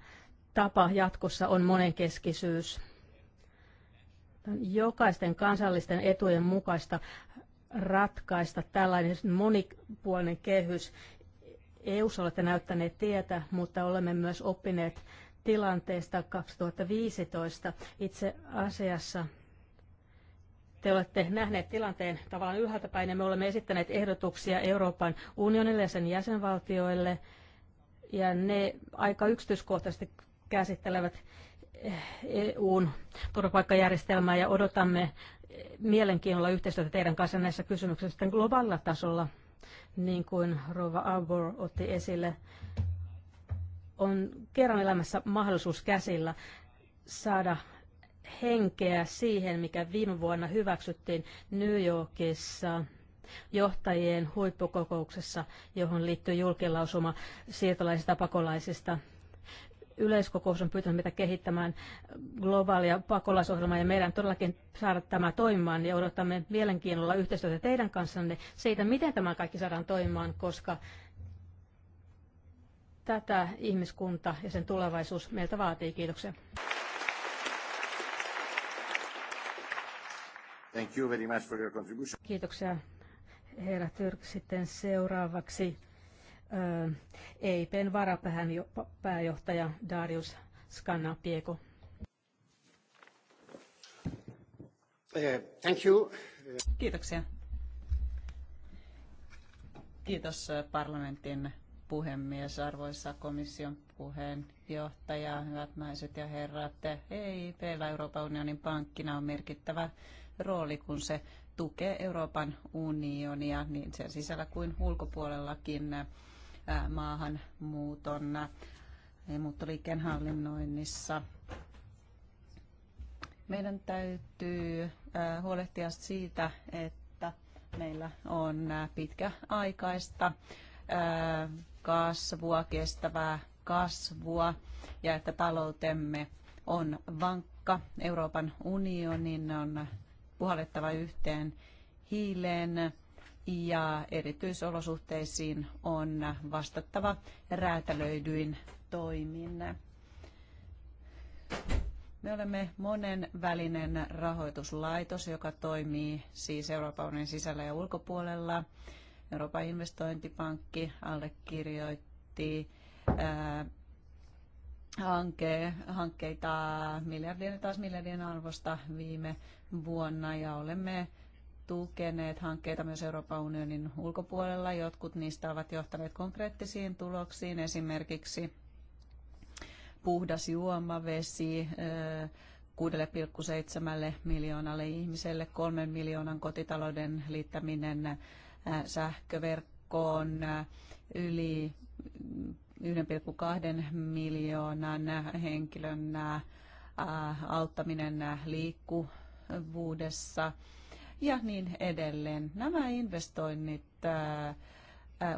tapa jatkossa on monenkeskisyys. Jokaisten kansallisten etujen mukaista ratkaista tällainen monipuolinen kehys. EU-ssa olette näyttäneet tietä, mutta olemme myös oppineet tilanteesta 2015. Itse asiassa te olette nähneet tilanteen tavallaan ylhäältä päin ja me olemme esittäneet ehdotuksia Euroopan unionille ja sen jäsenvaltioille ja ne aika yksityiskohtaisesti käsittelevät EUn turvapaikkajärjestelmää ja odotamme mielenkiinnolla yhteistyötä teidän kanssa näissä kysymyksissä globaalilla tasolla, niin kuin Rova Arbor otti esille on kerran elämässä mahdollisuus käsillä saada henkeä siihen, mikä viime vuonna hyväksyttiin New Yorkissa johtajien huippukokouksessa, johon liittyy julkilausuma siirtolaisista pakolaisista. Yleiskokous on pyytänyt meitä kehittämään globaalia pakolaisohjelmaa ja meidän todellakin saada tämä toimimaan ja odotamme mielenkiinnolla yhteistyötä teidän kanssanne siitä, miten tämä kaikki saadaan toimimaan, koska Tätä ihmiskunta ja sen tulevaisuus meiltä vaatii. Kiitoksia. Thank you very much for your contribution. Kiitoksia herra Tyrk. Sitten seuraavaksi EIPn varapääjohtaja Darius Pieko. Eh, thank you. Kiitoksia. Kiitos parlamentin puhemies, arvoisa komission puheenjohtaja, hyvät naiset ja herrat. EIPllä Euroopan unionin pankkina on merkittävä rooli, kun se tukee Euroopan unionia niin sen sisällä kuin ulkopuolellakin maahanmuuton muuttoliikkeen hallinnoinnissa. Meidän täytyy huolehtia siitä, että meillä on pitkäaikaista aikaista kasvua, kestävää kasvua ja että taloutemme on vankka. Euroopan unionin on puhallettava yhteen hiileen ja erityisolosuhteisiin on vastattava räätälöidyin toimin. Me olemme monen välinen rahoituslaitos, joka toimii siis Euroopan unionin sisällä ja ulkopuolella. Euroopan investointipankki allekirjoitti hanke, hankkeita miljardien ja taas miljardien arvosta viime vuonna ja olemme tukeneet hankkeita myös Euroopan unionin ulkopuolella. Jotkut niistä ovat johtaneet konkreettisiin tuloksiin, esimerkiksi puhdas juomavesi 6,7 miljoonalle ihmiselle, 3 miljoonan kotitalouden liittäminen Äh, sähköverkkoon äh, yli 1,2 miljoonan henkilön äh, auttaminen liikkuvuudessa ja niin edelleen. Nämä investoinnit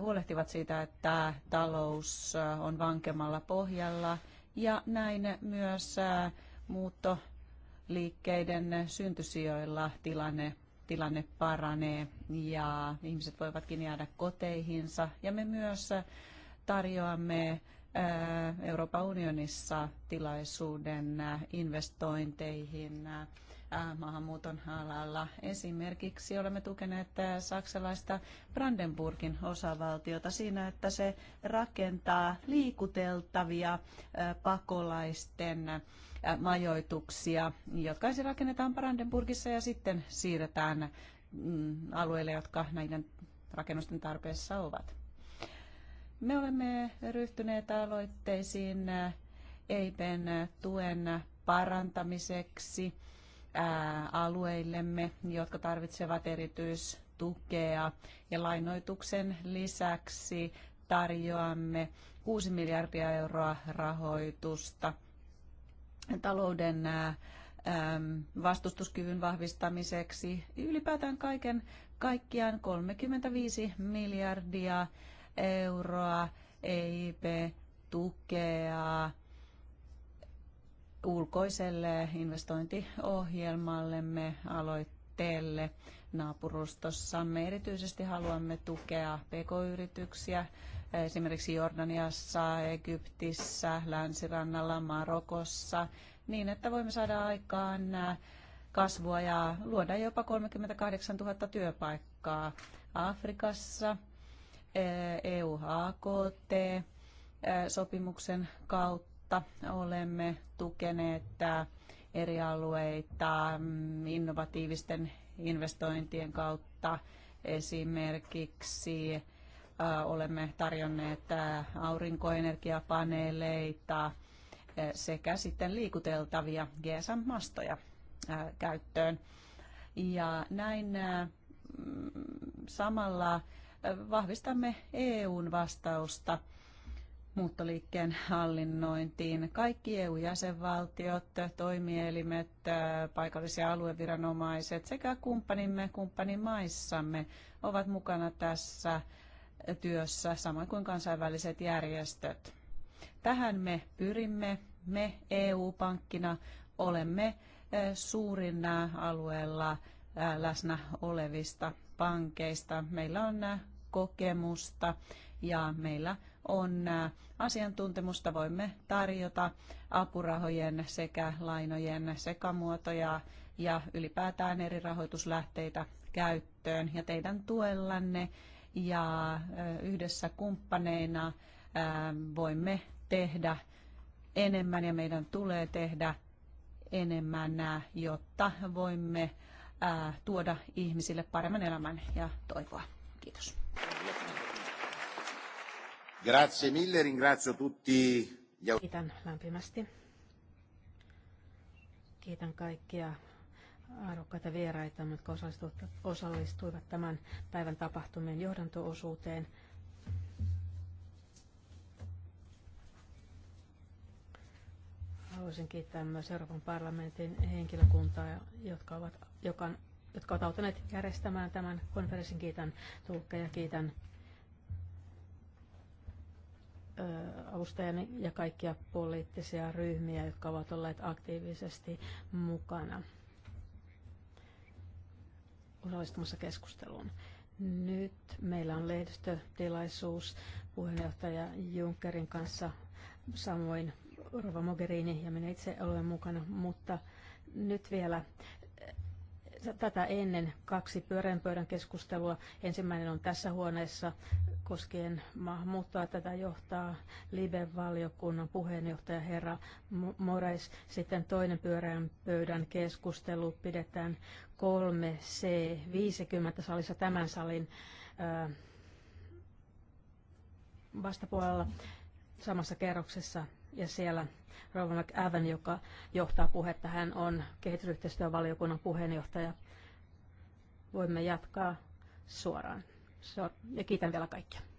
huolehtivat siitä, että talous on vankemmalla pohjalla ja näin myös muuttoliikkeiden syntysijoilla tilanne tilanne paranee ja ihmiset voivatkin jäädä koteihinsa. Ja me myös tarjoamme Euroopan unionissa tilaisuuden investointeihin maahanmuuton alalla. Esimerkiksi olemme tukeneet eh, saksalaista Brandenburgin osavaltiota siinä, että se rakentaa liikuteltavia eh, pakolaisten eh, majoituksia, jotka ensin rakennetaan Brandenburgissa ja sitten siirretään mm, alueille, jotka näiden rakennusten tarpeessa ovat. Me olemme ryhtyneet aloitteisiin EIPen tuen parantamiseksi alueillemme, jotka tarvitsevat erityistukea. Ja lainoituksen lisäksi tarjoamme 6 miljardia euroa rahoitusta talouden vastustuskyvyn vahvistamiseksi. Ylipäätään kaiken kaikkiaan 35 miljardia euroa EIP-tukea ulkoiselle investointiohjelmallemme aloitteelle naapurustossamme. Erityisesti haluamme tukea pk-yrityksiä esimerkiksi Jordaniassa, Egyptissä, Länsirannalla, Marokossa, niin että voimme saada aikaan kasvua ja luoda jopa 38 000 työpaikkaa Afrikassa, EU-AKT, e sopimuksen kautta vuotta olemme tukeneet äh, eri alueita mm, innovatiivisten investointien kautta esimerkiksi äh, olemme tarjonneet äh, aurinkoenergiapaneeleita sekä sitten liikuteltavia GSM-mastoja käyttöön. Ja näin mm, samalla vahvistamme EUn vastausta muuttoliikkeen hallinnointiin. Kaikki EU-jäsenvaltiot, toimielimet, paikallisia alueviranomaiset sekä kumppanimme kumppanimaissamme ovat mukana tässä työssä, samoin kuin kansainväliset järjestöt. Tähän me pyrimme. Me EU-pankkina olemme suurin alueella läsnä olevista pankeista. Meillä on kokemusta ja meillä on asiantuntemusta. Voimme tarjota apurahojen sekä lainojen sekamuotoja ja ylipäätään eri rahoituslähteitä käyttöön. Ja teidän tuellanne ja yhdessä kumppaneina voimme tehdä enemmän ja meidän tulee tehdä enemmän, jotta voimme tuoda ihmisille paremman elämän ja toivoa. Kiitos. Grazie mille, ringrazio tutti. Kiitän lämpimästi. Kiitän kaikkia arvokkaita vieraita, jotka osallistuivat tämän päivän tapahtumien johdantoosuuteen. Haluaisin kiittää myös Euroopan parlamentin henkilökuntaa, jotka ovat, jotka ovat auttaneet järjestämään tämän konferenssin. Kiitän tulkkeja, kiitän avustajani ja kaikkia poliittisia ryhmiä, jotka ovat olleet aktiivisesti mukana osallistumassa keskusteluun. Nyt meillä on lehdistötilaisuus puheenjohtaja Junckerin kanssa, samoin Rova Mogherini ja minä itse olen mukana, mutta nyt vielä tätä ennen kaksi pyöreän pöydän keskustelua. Ensimmäinen on tässä huoneessa koskien maahanmuuttoa. Tätä johtaa Libe-valiokunnan puheenjohtaja herra Mores. Sitten toinen pyöreän pöydän keskustelu pidetään 3C50 salissa tämän salin vastapuolella samassa kerroksessa ja siellä Rova McAven, joka johtaa puhetta, hän on kehitysyhteistyövaliokunnan puheenjohtaja. Voimme jatkaa suoraan ja kiitän vielä kaikkia.